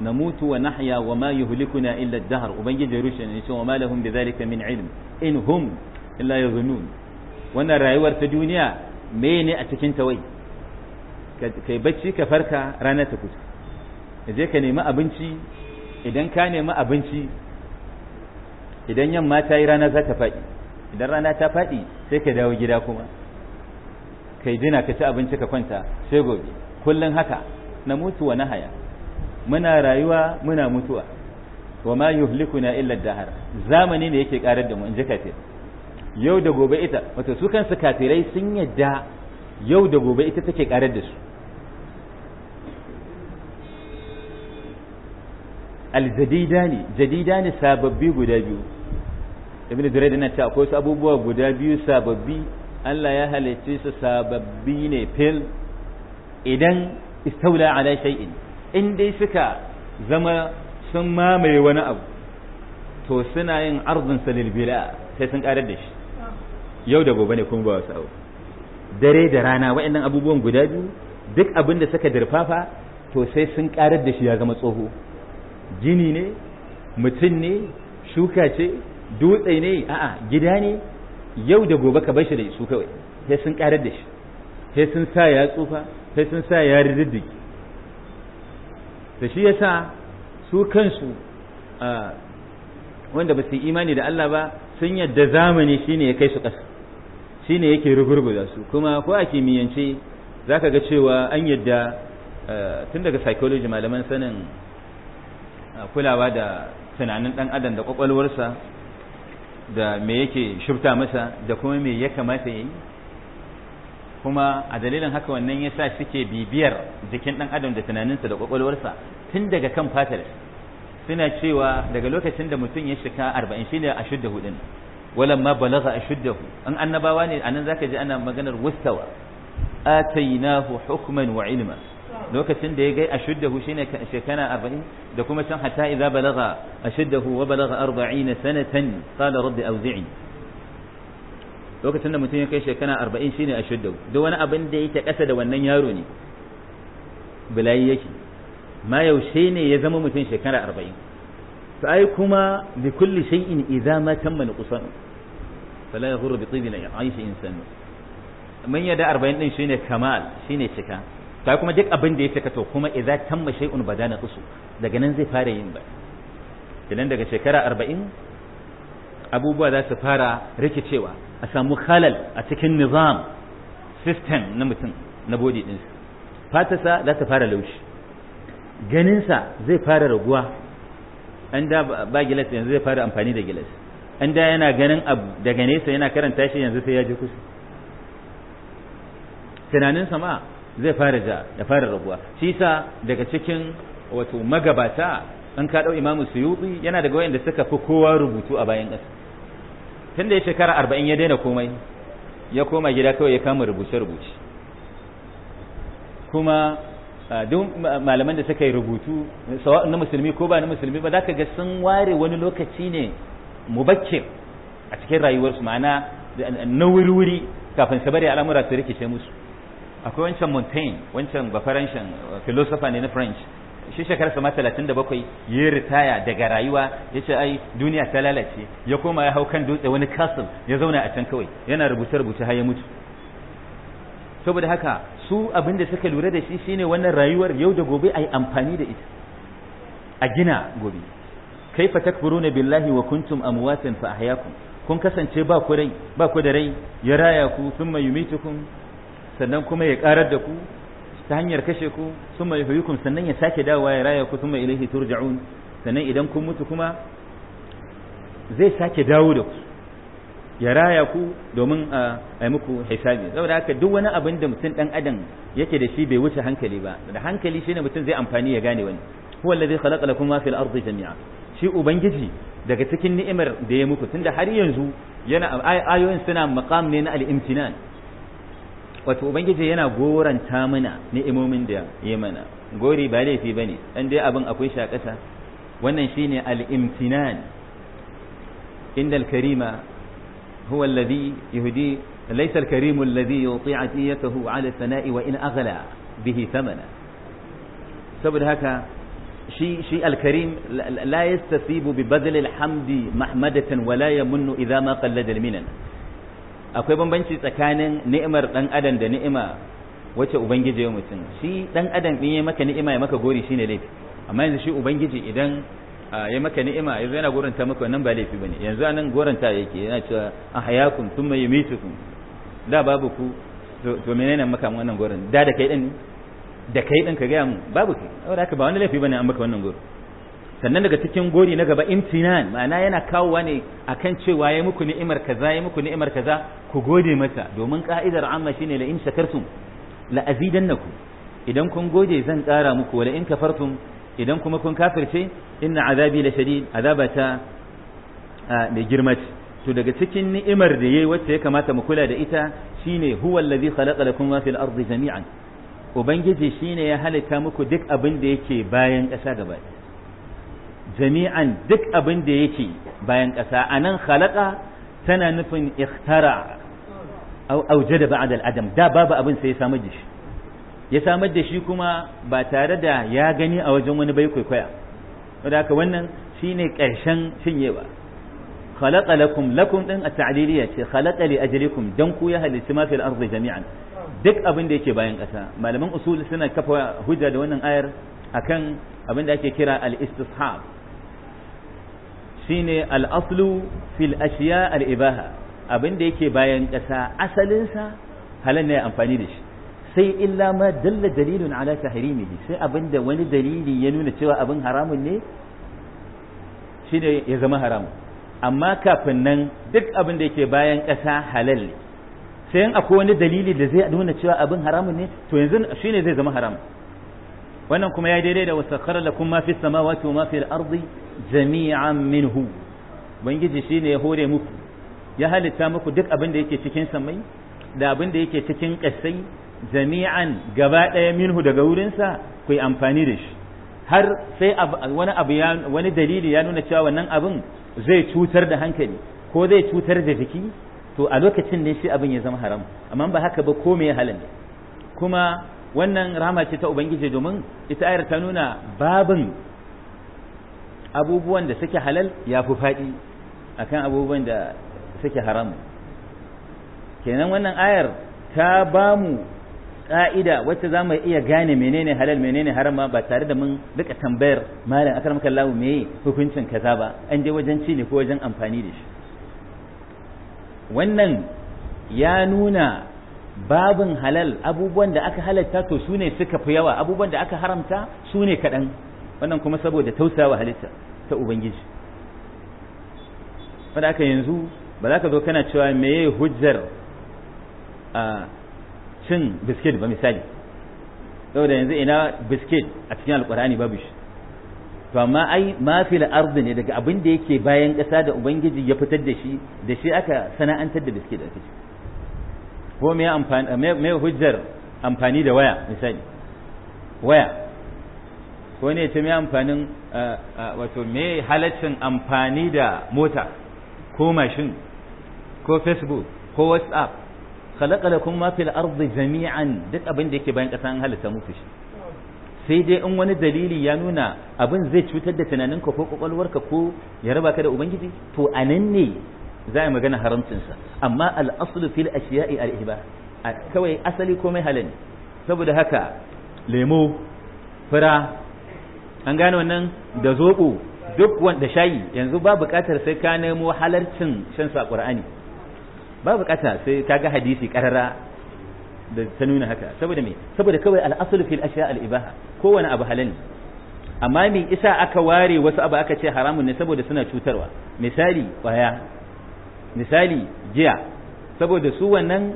[SPEAKER 1] namutu wa nahya wa ma yuhlikuna illa ad ubangiji ya rushe ne cewa wa ma lahum bidhalika min ilm in hum illa yadhunun wannan rayuwar ta duniya me ne a cikin ta wai kai bacci ka farka ranar ta kusa ka je ka nemi abinci idan ka nemi abinci idan yamma ta yi rana za ta faɗi idan rana ta faɗi sai ka dawo gida kuma kai dina ka ci abinci ka kwanta sai gobe kullum haka na mutu nahaya muna rayuwa muna mutuwa wa ma yuhlikuna illa dahar zamani ne yake karar da mu in ji kafir yau da gobe ita wato su kansu kafirai sun yadda yau da gobe ita take karar da su al jadidani sababbi guda biyu ibn Durayd yana cewa akwai wasu abubuwa guda biyu sababbi Allah ya halicce su sababbi ne fil idan istaula ala shay'in in dai suka zama sun mamaye wani abu to suna yin arzin salil sai sun karar da
[SPEAKER 3] shi
[SPEAKER 1] yau da gobe ne kuma ba wasu abu dare da rana waɗannan abubuwan guda biyu duk abin da suka dirfafa to sai sun karar da shi ya zama tsoho gini ne mutum ne shuka ce dutse ne a'a gida ne yau da gobe ka bar shi da su kawai sai sun karar da shi sai sun sa ya tsufa sai sun sa ya riddigi da shi yasa su kansu wanda ba su imani da Allah ba sun yadda zamani shine ya kai su ƙasa shine yake rugurguza su kuma ko a kimiyyance zaka ga cewa an yadda tun daga psychology malaman sanin kulawa da tunanin dan adam da kwakwalwarsa da me yake shubta masa da kuma me ya kamata ya yi kuma a dalilin haka wannan ya sa suke bibiyar jikin ɗan adam da tunaninsa da ƙwaƙwalwarsa tun daga kan fatar suna cewa daga lokacin da mutum ya shika arba'in shine a shudda hudun walamma balaga a shuddahu an annabawa ne anan zaka ji ana maganar wustawa atainahu hukman wa ilma lokacin da ya gai a shuddahu shine shekara arba'in da kuma can hatta idza balaga a wa balaga arba'ina sanatan qala rabbi awzi'ni lokacin da mutum ya kai shekara arba'in ne a shudda duk wani abin da yake ƙasa da wannan yaro ne bilayi yake ma yaushe ne ya zama mutum shekara arba'in to ai kuma bi kulli shay'in idza ma tamma nuqsan fala yaghurru bi tibin aishi insan man yada arba'in din shine kamal shine cika ta kuma duk abin da ya cika to kuma idza tamma shay'un badana qusu daga nan zai fara yin ba idan daga shekara arba'in abubuwa za su fara rikicewa a samu halal a cikin nizam system na mutum na bodi ɗinsa fatarsa za ta fara laushi ganinsa zai fara raguwa an da ba gilas yanzu zai fara amfani da gilas an da yana ganin abu daga nesa yana karanta shi yanzu sai ya ji kusa tunaninsa ma zai fara ja da fara raguwa shi sa daga cikin wato magabata an ka imamu suyuti yana daga wayanda suka fi kowa rubutu a bayan ƙasa tun da ya shekara arba'in ya daina komai ya koma gida kawai ya kama rubuce-rubuce kuma duk malaman da suka yi rubutu na musulmi ko ba na musulmi ba za ka ga sun ware wani lokaci ne mubakkir a cikin rayuwarsu ma'ana na wuri-wuri kafin su bari al'amura su rikice musu akwai wancan montaigne wancan bafaranshan filosofa uh, ne na french shi talatin da bakwai ya ritaya daga rayuwa ya ce ai duniya ta lalace ya koma ya hau kan dutse wani kasim ya zauna a can kawai yana rubuce rubuce har ya mutu saboda haka su abin da suka lura da shi shine wannan rayuwar yau da gobe ai amfani da ita a gina gobe kaifa takburuna billahi wa kuntum amwatan fa ahyakum kun kasance ba ku rai ba ku da rai ya raya ku thumma yumitukum sannan kuma ya karar da ku ta hanyar kashe ku sun mai huyukun sannan ya sake dawowa ya raya ku sun mai ilaihi turja'un sannan idan kun mutu kuma zai sake dawo da ku ya raya ku domin a yi muku hisabi saboda haka duk wani abin da mutum dan adam yake da shi bai wuce hankali ba da hankali shine mutum zai amfani ya gane wani huwa allazi khalaqa lakum ma fil ardi jami'a shi ubangiji daga cikin ni'imar da ya muku tunda har yanzu yana ayoyin suna maqam ne na al-imtinan wato ubangiji yana goranta mana ni'imomin da ya mana gori ba laifi bane dan dai abin akwai shakata wannan shine al-imtinan inda al-karima huwa alladhi yuhdi laysa al-karimu alladhi yuti atiyatahu ala sana'i wa in aghla bihi thamana saboda haka shi shi al-karim la yastasibu bi badl al-hamdi mahmadatan wa la yamunnu idha ma qallada al-minan akwai bambanci tsakanin ni'imar dan adam da ni'ima wacce ubangiji ya mutum shi dan adam in yayi maka ni'ima ya maka gori shine laifi amma yanzu shi ubangiji idan ya maka ni'ima yanzu yana goranta maka wannan ba laifi bane yanzu anan goranta yake yana cewa ahyakum thumma yumitukum da babu ku to menene maka wannan gorin da da kai din da kai din ka ga mu babu kai saboda haka ba wani laifi bane an maka wannan gorin sannan daga cikin gori na gaba imtinan ma'ana yana kawowa ne akan cewa ya muku ni'imar kaza ya muku ni'imar kaza ku gode mata domin ka'idar amma shine la in shakartum la azidannakum idan kun gode zan ƙara muku wala in kafartum idan kuma kun kafirce inna azabi la shadid azabata mai girma to daga cikin ni'imar da yayi wacce ya kamata mu kula da ita shine huwa allazi khalaqa lakum ma fil ardi jami'an ubangiji shine ya halitta muku duk abin da yake bayan ƙasa gaba jami'an duk abin da yake bayan ƙasa a nan khalaqa tana nufin ikhtara auje da ba'ad al'adam da babu abin sai ya samar da shi ya samar da shi kuma ba tare da ya gani a wajen wani bai kwaikwaya wadda haka wannan ne ƙarshen cinyewa khalaqa lakum lakum din a tadiliya ce le li ajlikum don ku ya halitta mafi al'arzai jami'an duk abin da yake bayan ƙasa malaman usul suna kafa hujja da wannan ayar akan abin da ake kira al-istishab shine al-aslu fil ashiya al-ibaha abin da yake bayan ƙasa asalinsa halal ne amfani da shi sai illa ma dalla dalilun ala tahrimihi sai abin da wani dalili ya nuna cewa abin haramun ne shine ya zama haramun amma kafin nan duk abin da yake bayan ƙasa halal ne sai in akwai wani dalili da zai nuna cewa abin haramun ne to yanzu shine zai zama haramun wannan kuma ya daidai da wasakhara lakum ma mafi samawati wa ma arzi ardi jami'an minhu ubangiji ne ya hore muku ya halitta muku duk abin da yake cikin samai da abin da yake cikin kasai jami'an gaba ɗaya minhu daga wurinsa ku yi amfani da shi har sai wani abu ya wani dalili ya nuna cewa wannan abin zai cutar da hankali ko zai cutar da jiki to a lokacin ne shi abin ya zama haram amma ba haka ba ko me halal kuma wannan rahama ce ta ubangiji domin ita ayar ta nuna babin abubuwan da suke halal ya fi faɗi akan abubuwan da suke haram kenan wannan ayar ta ba mu ƙa'ida wacce za mu iya gane menene halal menene haram ba tare da mun rika tambayar malam akar maka lawo meye hukuncin kaza ba an je wajen ci ne ko wajen amfani da shi wannan ya nuna babin halal abubuwan da aka halatta to su ne suka fi yawa abubuwan da aka haramta su ne kaɗan wannan kuma saboda tausawa halitta ta ubangiji wanda aka yanzu ba za ka zo kana cewa meye hujjar a cin biskit ba misali saboda yanzu ina biskit a cikin alkur'ani babu shi to amma ai mafil ardi ne daga abin da yake bayan ƙasa da ubangiji ya fitar da shi da shi aka sana'antar da biskit a cikin ko me amfani me hujjar amfani da waya misali waya ko ne ce me amfanin wato me halaccin amfani da mota ko mashin ko facebook ko whatsapp khalaqa lakum ma fil ardi jami'an duk abin da yake bayan kasa an halitta muku shi sai dai in wani dalili ya nuna abin zai cutar da tunaninka ko kwakwalwarka ko ya raba ka da ubangiji to anan ne za a magana haramcinsa amma al'aslu fil ashiya'i ba a kawai asali ko mai halin saboda haka lemo fura an gane wannan da zoɓo duk wanda shayi yanzu ba buƙatar sai ka nemo halarcin shan sa qur'ani ba buƙata sai ka ga hadisi karara da ta nuna haka saboda me saboda kawai al'aslu fil ashiya al-ibaha kowane abu halal amma me isa aka ware wasu abu aka ce haramun ne saboda suna cutarwa misali kwaya misali jiya saboda su wannan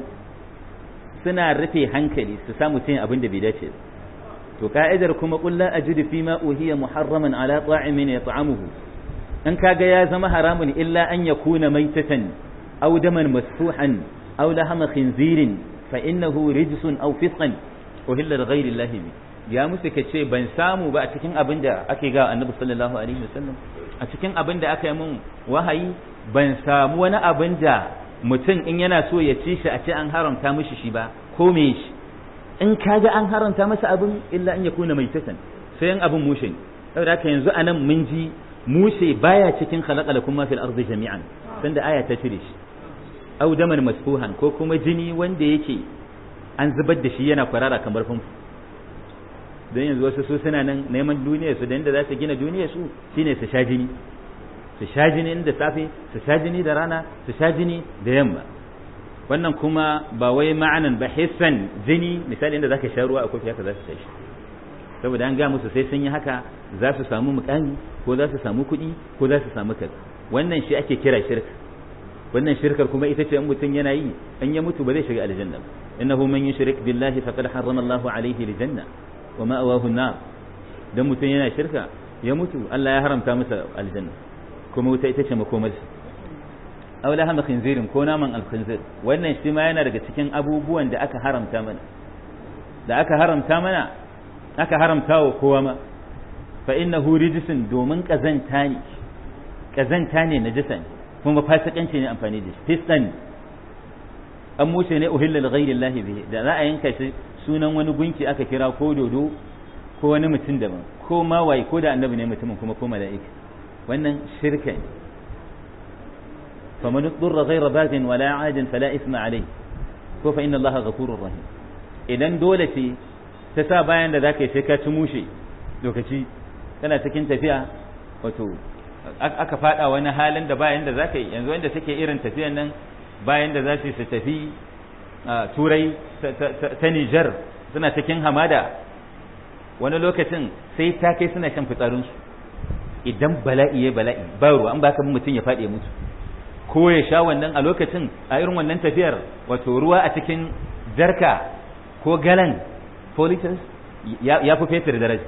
[SPEAKER 1] suna rufe hankali su samu cin abin da bai dace to ka'idar kuma qul a ajidu fi ma uhiya muharraman ala ta'imin yat'amuhu in kaga ya zama haramun illa an yakuna maitatan aw daman masfuhan aw lahama khinzirin fa innahu rijsun aw fisqan uhilla li ghayri allahi ya musu ka ce ban samu ba a cikin abin da ake ga annabi sallallahu alaihi wasallam a cikin abin da aka yi mun wahayi ban samu wani abin da mutum in yana so ya ci shi a ce an haramta mishi shi ba ko me shi in kaga an haramta masa abin illa in ya kuna mai tasan sai in abin mushe ne saboda haka yanzu anan mun ji mushe baya cikin khalaqala kuma fil ardi jami'an sanda aya ta cire shi au daman masfuhan ko kuma jini wanda yake an zubar da shi yana kwarara kamar fumfu don yanzu wasu su suna nan neman duniyar su da inda za su gina duniyar su shine su sha jini su sha jini da safe su sha jini da rana su sha jini da yamma wannan kuma ba wai ma'anan ba hissan jini misali inda ka sha ruwa a kofi haka za su sha shi saboda an ga musu sai sun yi haka za su samu mukami ko za su samu kuɗi ko za su samu kaza wannan shi ake kira shirka wannan shirkar kuma ita ce in mutum yana yi an ya mutu ba zai shiga aljanna ba innahu man yushrik billahi faqad harrama Allahu alayhi aljanna wa ma'awahu na don mutum yana shirka ya mutu Allah ya haramta masa aljanna kuma wuta ita ce makomarsa aw lahama khinzirin ko naman alkhinzir wannan shi ma yana daga cikin abubuwan da aka haramta mana da aka haramta mana aka haramta wa kowa ma fa innahu rijsun domin kazanta ne kazanta ne najisa ne kuma fasikanci ne amfani da shi fisdan an mushe ne uhilla li ghayri bihi da za a yanka shi sunan wani gunki aka kira ko dodo ko wani mutum daban ko ma waye ko da annabi ne mutumin kuma ko mala'ika wannan shirka ne faman yudurra ghayra baghin wala 'adin fala isma alayhi ko fa inna allaha ghafurur rahim idan dole ce ta sa bayan da zaka yi sai ka ci mushe lokaci kana cikin tafiya wato aka fada wani halin da bayan da zaka yanzu wanda take irin tafiyan nan bayan da za su tafi turai ta Nijar suna cikin hamada wani lokacin sai ta kai suna shan fitsarinsu idan bala'i ya bala'i ba ruwa an baka mutum ya faɗi mutu ko ya sha wannan a lokacin a irin wannan tafiyar wato ruwa a cikin jarka ko galan politis ya fi fetur daraja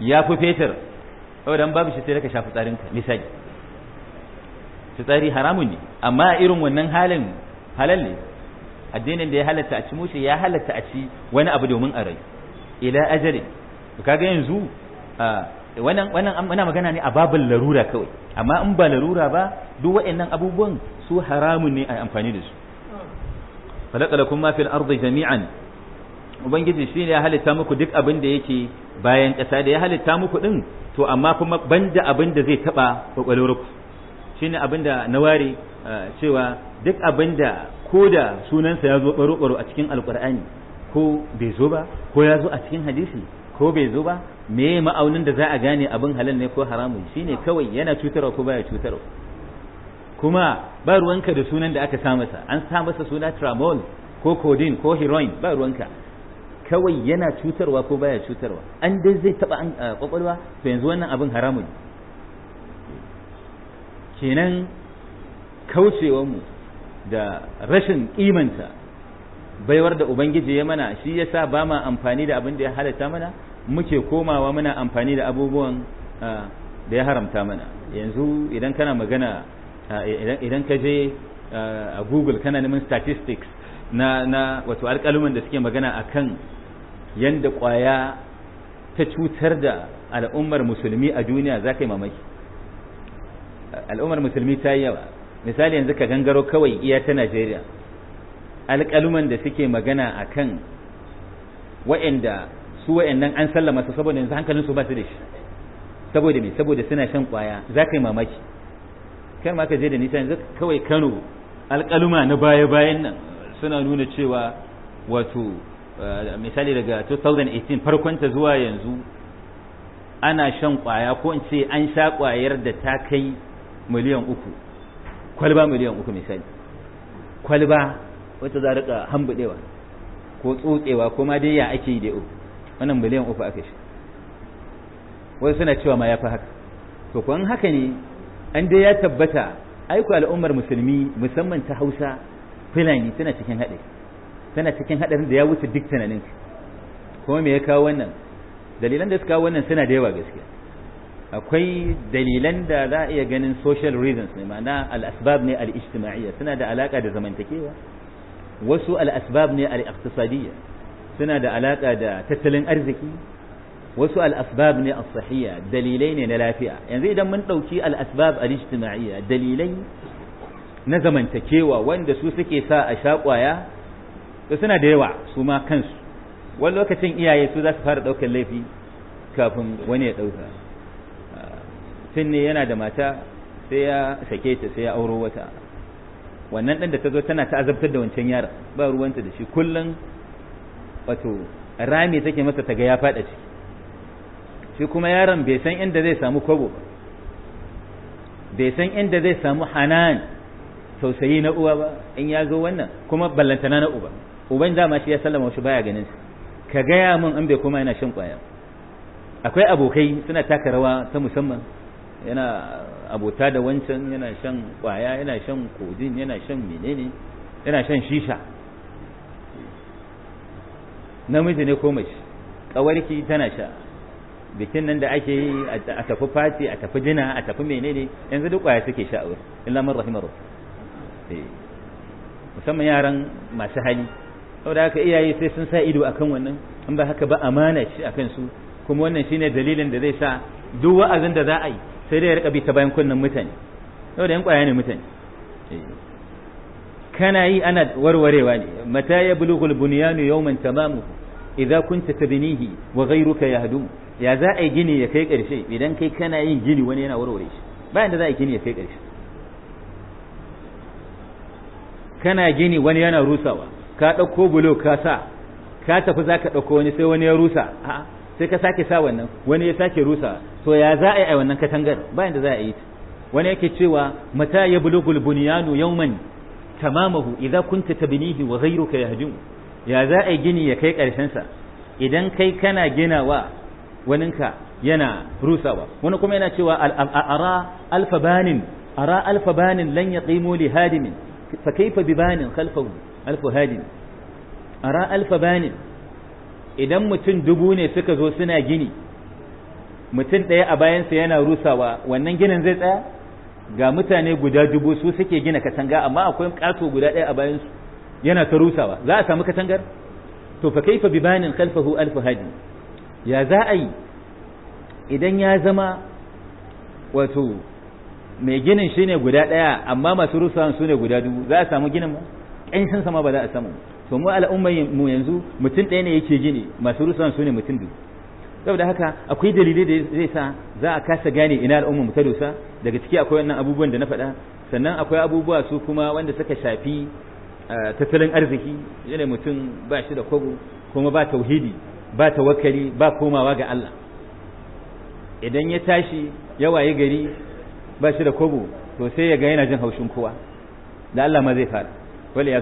[SPEAKER 1] ya fi fetur an babu shi sai ka sha fitsarinka misali fitsari haramun ne amma irin wannan halin halal ne addinin da ya halatta a ci mushe ya halatta a ci wani abu domin a rai ila ajali kaga yanzu wannan wannan muna magana ne a babin larura kawai amma in ba larura ba duk waɗannan abubuwan su haramun ne a amfani da su falaqalakum ma fil ardi jami'an ubangiji ne ya halitta muku duk abin da yake bayan ƙasa da ya halitta muku din to amma kuma banda abin da zai taba kwakwalwarku shine abin da na ware cewa duk abin da ko da sunansa ya zo baro-baro a cikin alkur'ani ko bai zo ba ko ya zo a cikin hadisi ko bai zo ba me ma'aunin da za a gane abin halal ne ko haramun shine kawai yana cutarwa ko baya cutarwa kuma ba ruwanka da sunan da aka sa masa an sa masa suna tramol ko codeine ko heroin ba ruwanka kawai yana cutarwa ko baya cutarwa an dai zai taba an kwakwalwa to yanzu wannan abin haramun kenan kaucewa mu da rashin imanta baiwar da ubangiji ya mana shi yasa ba ma amfani da abin da ya halatta mana muke komawa muna amfani da abubuwan da ya haramta mana yanzu idan kana magana idan ka je a google kana neman statistics na na wato alƙaluman da suke magana akan yanda ƙwaya ta cutar da al'ummar musulmi a duniya za ka yi mamaki al'ummar musulmi ta yi yawa misali yanzu ka gangaro kawai iya ta Najeriya alƙaluman da suke magana a kan wa'anda su wa'annan an sallama su saboda yanzu hankalin su ba su da shi saboda me saboda suna shan ƙwaya za ka yi mamaki kan ma ka je da nisa yanzu kawai Kano alƙaluma na baya-bayan nan suna nuna cewa wato eh, misali daga 2018 ta zuwa yanzu ana shan ƙwaya ko in ce an sha ƙwayar da ta kai miliyan uku kwalba miliyan uku misali kwalba wacce za rika hambudewa ko tsotsewa ko ma dai ya ake yi da uku wannan miliyan uku aka shi wasu suna cewa ma ya fi haka to kwan haka ne an dai ya tabbata aiko al'ummar musulmi musamman ta hausa fulani tana cikin haɗari tana cikin haɗarin da ya wuce duk tunaninka kuma me ya kawo wannan dalilan da suka kawo wannan suna da yawa gaskiya akwai dalilan da za a iya ganin social reasons ne ma'ana al'asbab ne al'ijtima'iyya suna da alaka da zamantakewa wasu al'asbab ne al'iqtisadiyya suna da alaka da tattalin arziki wasu al'asbab ne al sahiyya dalilai ne na lafiya yanzu idan mun ɗauki al'asbab al'ijtima'iyya dalilai na zamantakewa wanda su suke sa a sha kwaya to suna da yawa su ma kansu wani lokacin iyaye su za su fara ɗaukar laifi kafin wani ya ɗauka tun ne yana da mata sai ya sake ta sai ya auro wata wannan ɗan da ta zo tana ta azabtar da wancan yara ba ruwanta da shi kullum wato rami take masa ta ga ya faɗa ciki shi kuma yaron bai san inda zai samu kwabo ba bai san inda zai samu hanan tausayi na uwa ba in ya zo wannan kuma ballantana na uba uban dama shi ya sallama shi baya ganin ka gaya min an bai kuma yana shan kwaya akwai abokai suna taka rawa ta musamman yana abota da wancan yana shan kwaya yana shan kodin yana shan menene yana shan shisha namiji ne ko mace kawarki tana sha bikin nan da ake yi a tafi fati a tafi jina a tafi menene yanzu duk kwaya suke sha a illa mun rahimar eh. musamman yaran masu hali saboda haka iyaye sai sun sa ido akan wannan in ba haka ba amana ce akan su kuma wannan shine dalilin da zai sa duk wa'azin da za a yi sai dai ya rika bi ta bayan kunnen mutane da yan kwaya ne mutane eh. kana yi ana warwarewa ne mata ya bulughul bunyanu yawman idan idza kunta tabinihi wa ghayruka yahdumu ya za a yi gini ya kai ƙarshe idan kai kana yin gini wani yana warware shi bayan da za a yi gini ya kai ƙarshe kana gini wani yana rusawa ka ɗauko bulo ka sa ka tafi za ka ɗauko wani sai wani ya rusa a'a sai ka sake sa wannan wani ya sake rusa to ya za a yi wannan katangar bayan da za a yi wani yake cewa mata ya bulugul bunyanu yawman tamamahu idza kunta tabnihi wa ghayruka yahdimu ya za a yi gini ya kai karshen sa idan kai kana ginawa waninka yana rusawa wani kuma yana cewa ara alfa banin ara alfa banin lan yaqimu li hadimin fa kayfa bi banin khalfahu alfa hadin ara alfa banin idan mutum dubu ne suka zo suna gini mutum ɗaya a bayansa yana rusawa wannan ginin zai tsaya ga mutane guda dubu su suke gina katanga amma akwai ƙato guda ɗaya a bayansu yana ta rusawa za a samu katangar to fa kaifa bi banin khalfahu alf hadi ya za a yi idan ya zama wato mai ginin shine guda ɗaya amma masu rusawan su ne guda dubu za a samu ginin ma ƙanshin sama ba za a samu to mu al'ummar mu yanzu mutum ɗaya ne yake gini masu rusuwan su ne mutum biyu saboda haka akwai dalilai da zai sa za a kasa gane ina al'ummar mu ta dosa daga ciki akwai wannan abubuwan da na faɗa sannan akwai abubuwa su kuma wanda suka shafi eh, tattalin arziki yana mutum ba shi da kwabo kuma ba tauhidi ba tawakkali ba komawa ga Allah idan ya tashi ya waye gari ba shi da kwabo to sai ya ga yana jin haushin kowa da Allah ma zai fara wala ya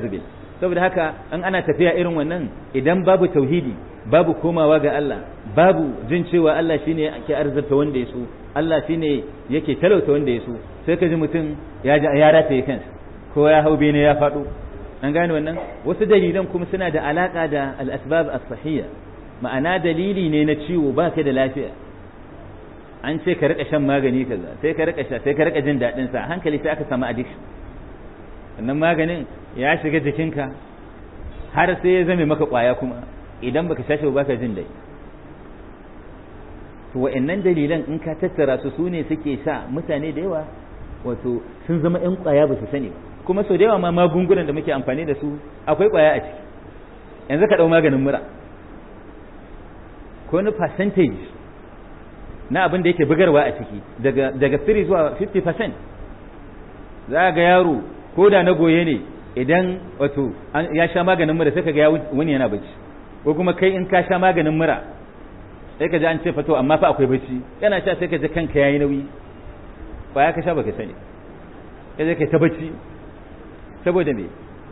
[SPEAKER 1] saboda haka an ana tafiya irin wannan idan babu tauhidi babu komawa ga Allah babu jin cewa Allah shine yake arzata wanda ya so Allah shine yake talauta wanda ya so sai ka ji mutum ya ji ya ya kansa ko ya hau bene ya faɗo an gane wannan wasu dalilan kuma suna da alaka da al-asbab as-sahiyya ma'ana dalili ne na ciwo ba kai da lafiya an ce ka rika shan magani kaza sai ka rika sha sai ka rika jin dadin sa hankali sai aka samu addiction wannan maganin ya shiga jikinka har sai ya zame maka kwaya kuma idan baka shashe ba ka jin dai to wa'annan dalilan in ka tattara su su ne suke sa mutane da yawa wato sun zama yan kwaya ba su sani ba kuma sau da yawa ma magungunan da muke amfani da su akwai kwaya a ciki yanzu ka ɗau maganin mura ko wani percentage na abin da yake bugarwa a ciki daga 3 zuwa 50% za ga yaro ko da na goye ne idan wato ya sha maganin mura sai kaga ya wani yana bacci ko kuma kai in ka sha maganin mura sai ka an ce fato amma fa akwai bacci yana sha sai ka ji kanka yayi nauyi ba ya ka sha baka sani sai ka ta bacci saboda me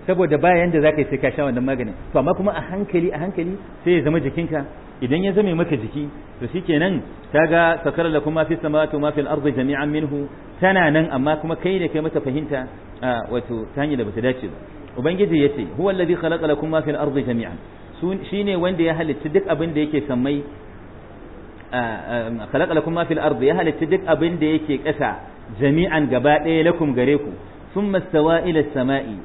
[SPEAKER 1] saboda bayan da zaka yi sai ka sha wannan maganin to amma kuma a hankali a hankali sai ya zama jikinka idan ya zame maka jiki to shikenan kaga sakara lakum ma fi samawati wa ma fil ardi jami'an minhu tana nan amma kuma kai ne kai mata fahimta wato ta hanyar da bata dace ba ubangiji yace huwa alladhi khalaqa lakum ma fil ardi jami'an shine wanda ya halitta duk abin da yake sammai khalaqa lakum ma fil ardi ya halitta duk abin da yake ƙasa jami'an gaba ɗaya lakum gare ku thumma stawa ila sama'i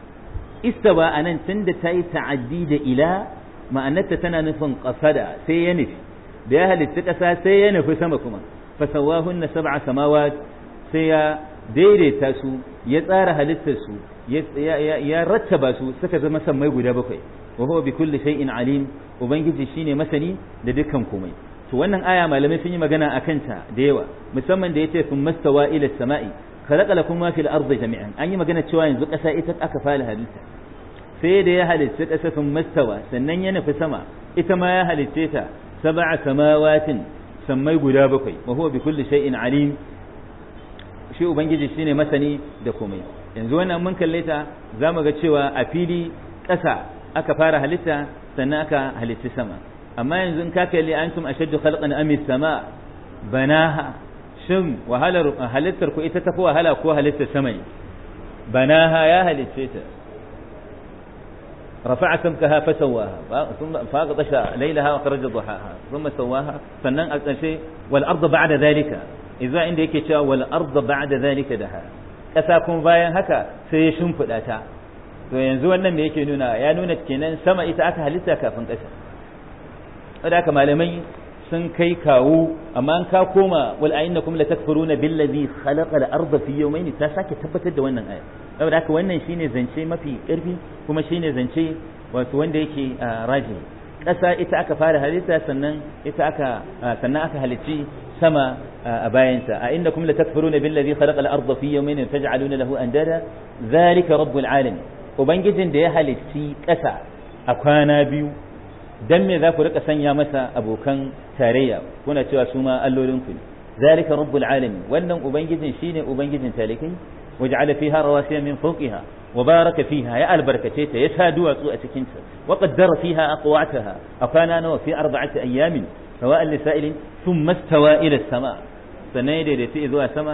[SPEAKER 1] istawa tun da ta yi ta'addi da ila ma'anarta tana nufin ƙasada sai ya nufi da ya halitta ƙasa sai ya nufi sama kuma na sab'a samawa sai ya daidaita su ya tsara halittar su ya rattaba su suka zama mai guda bakwai wa huwa bi kulli shay'in alim ubangiji shine masani da dukkan komai to wannan aya malamai sun yi magana a ta da yawa musamman da ya ce sun mastawa ila sama'i khalaqa lakum ma fil ardi jami'an an yi magana cewa yanzu ƙasa ita aka fara halitta sai da ya halitta ƙasa sun mastawa sannan ya nufi sama ita ma ya halitta ta sab'a samawatin sammai guda bakwai wa huwa bi kulli shay'in alim shi ubangiji shine masani da komai yanzu wannan mun kalle ta zamu ga cewa a fili ƙasa aka fara halitta sannan aka halitta sama amma yanzu in ka kalli antum ashaddu khalqan am sama banaha shin wahalar halittar ku ita tafi wahala ko halittar samai banaha ya halicce ta رفع سمكها فسواها ثم فاغطش ليلها وخرج ضحاها ثم سواها فنن أكشي والأرض بعد ذلك إذا عندي كيشا والأرض بعد ذلك دها كساكم باين هكا سيشنفد أتا to yanzu wannan me yake nuna ya nuna kenan sama ita aka halitta kafin ƙasa saboda haka malamai sun kai kawo amma an ka koma wal a'innakum la takfuruna billazi khalaqa al-ardha fi yawmayn ta sake tabbatar da wannan aya saboda haka wannan shine zance mafi karfi kuma shine zance wato wanda yake raji ƙasa ita aka fara halitta sannan ita aka sannan aka halicci sama a bayansa a inda kuma la takfuruna billazi khalaqa al-ardha fi yawmayn taj'aluna lahu andada zalika rabbul alamin ubangijin da ya halicci ƙasa a kwana biyu dan me za ku rika sanya masa abokan tarayya kuna cewa su ma allolin ku ne zalika rabbul alamin wannan ubangijin shine ubangijin talikai waj'ala fiha rawasiya min fawqiha wa baraka fiha ya albarkace ta ya sa duwatsu a cikin ta wa qaddara fiha aqwataha afana nawa fi arba'ati ayamin sawa'an lisa'ilin thumma istawa ila sama sannan ya daidaita zuwa sama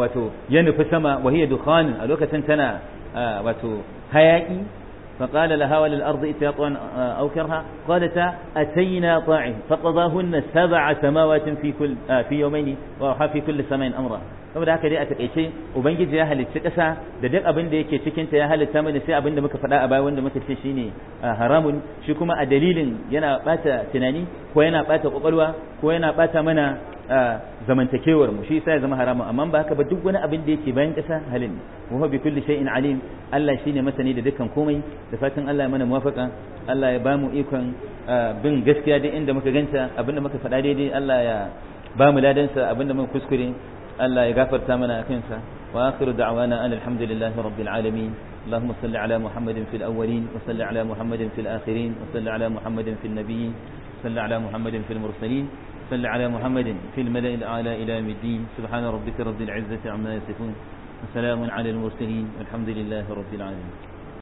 [SPEAKER 1] wato ya nufi sama wa hiya dukhan a lokacin tana ah, wato hayaki فقال لها وللأرض ائتيا طوعا أو كرها قالتا أتينا طاعين فقضاهن سبع سماوات في كل آه في يومين وأوحى في كل سماء أمرها saboda haka dai a takaice ubangiji ya halicci ƙasa da duk abin da yake cikin ta ya halitta mana sai abin da muka faɗa a baya wanda muka ce shine haramun shi kuma a dalilin yana bata tunani ko yana bata kwakwalwa ko yana bata mana zamantakewar mu shi yasa ya zama haramun amma ba haka ba duk wani abin da yake bayan kasa halin ne wa bi kulli shay'in alim Allah shine masani da dukkan komai da fatan Allah ya mana muwafaka Allah ya bamu ikon bin gaskiya da inda muka ganta abinda muka faɗa daidai Allah ya bamu ladansa abinda muka kuskure Allah ya gafarta mana sa wa akhiru da'wana alhamdulillahi rabbil alamin اللهم صل على محمد في الأولين وصل على محمد في الآخرين وصل على محمد في النبيين صل على محمد في المرسلين صل على محمد في الملأ الأعلى إلى يوم الدين سبحان ربك رب العزة عما يصفون وسلام على المرسلين الحمد لله رب العالمين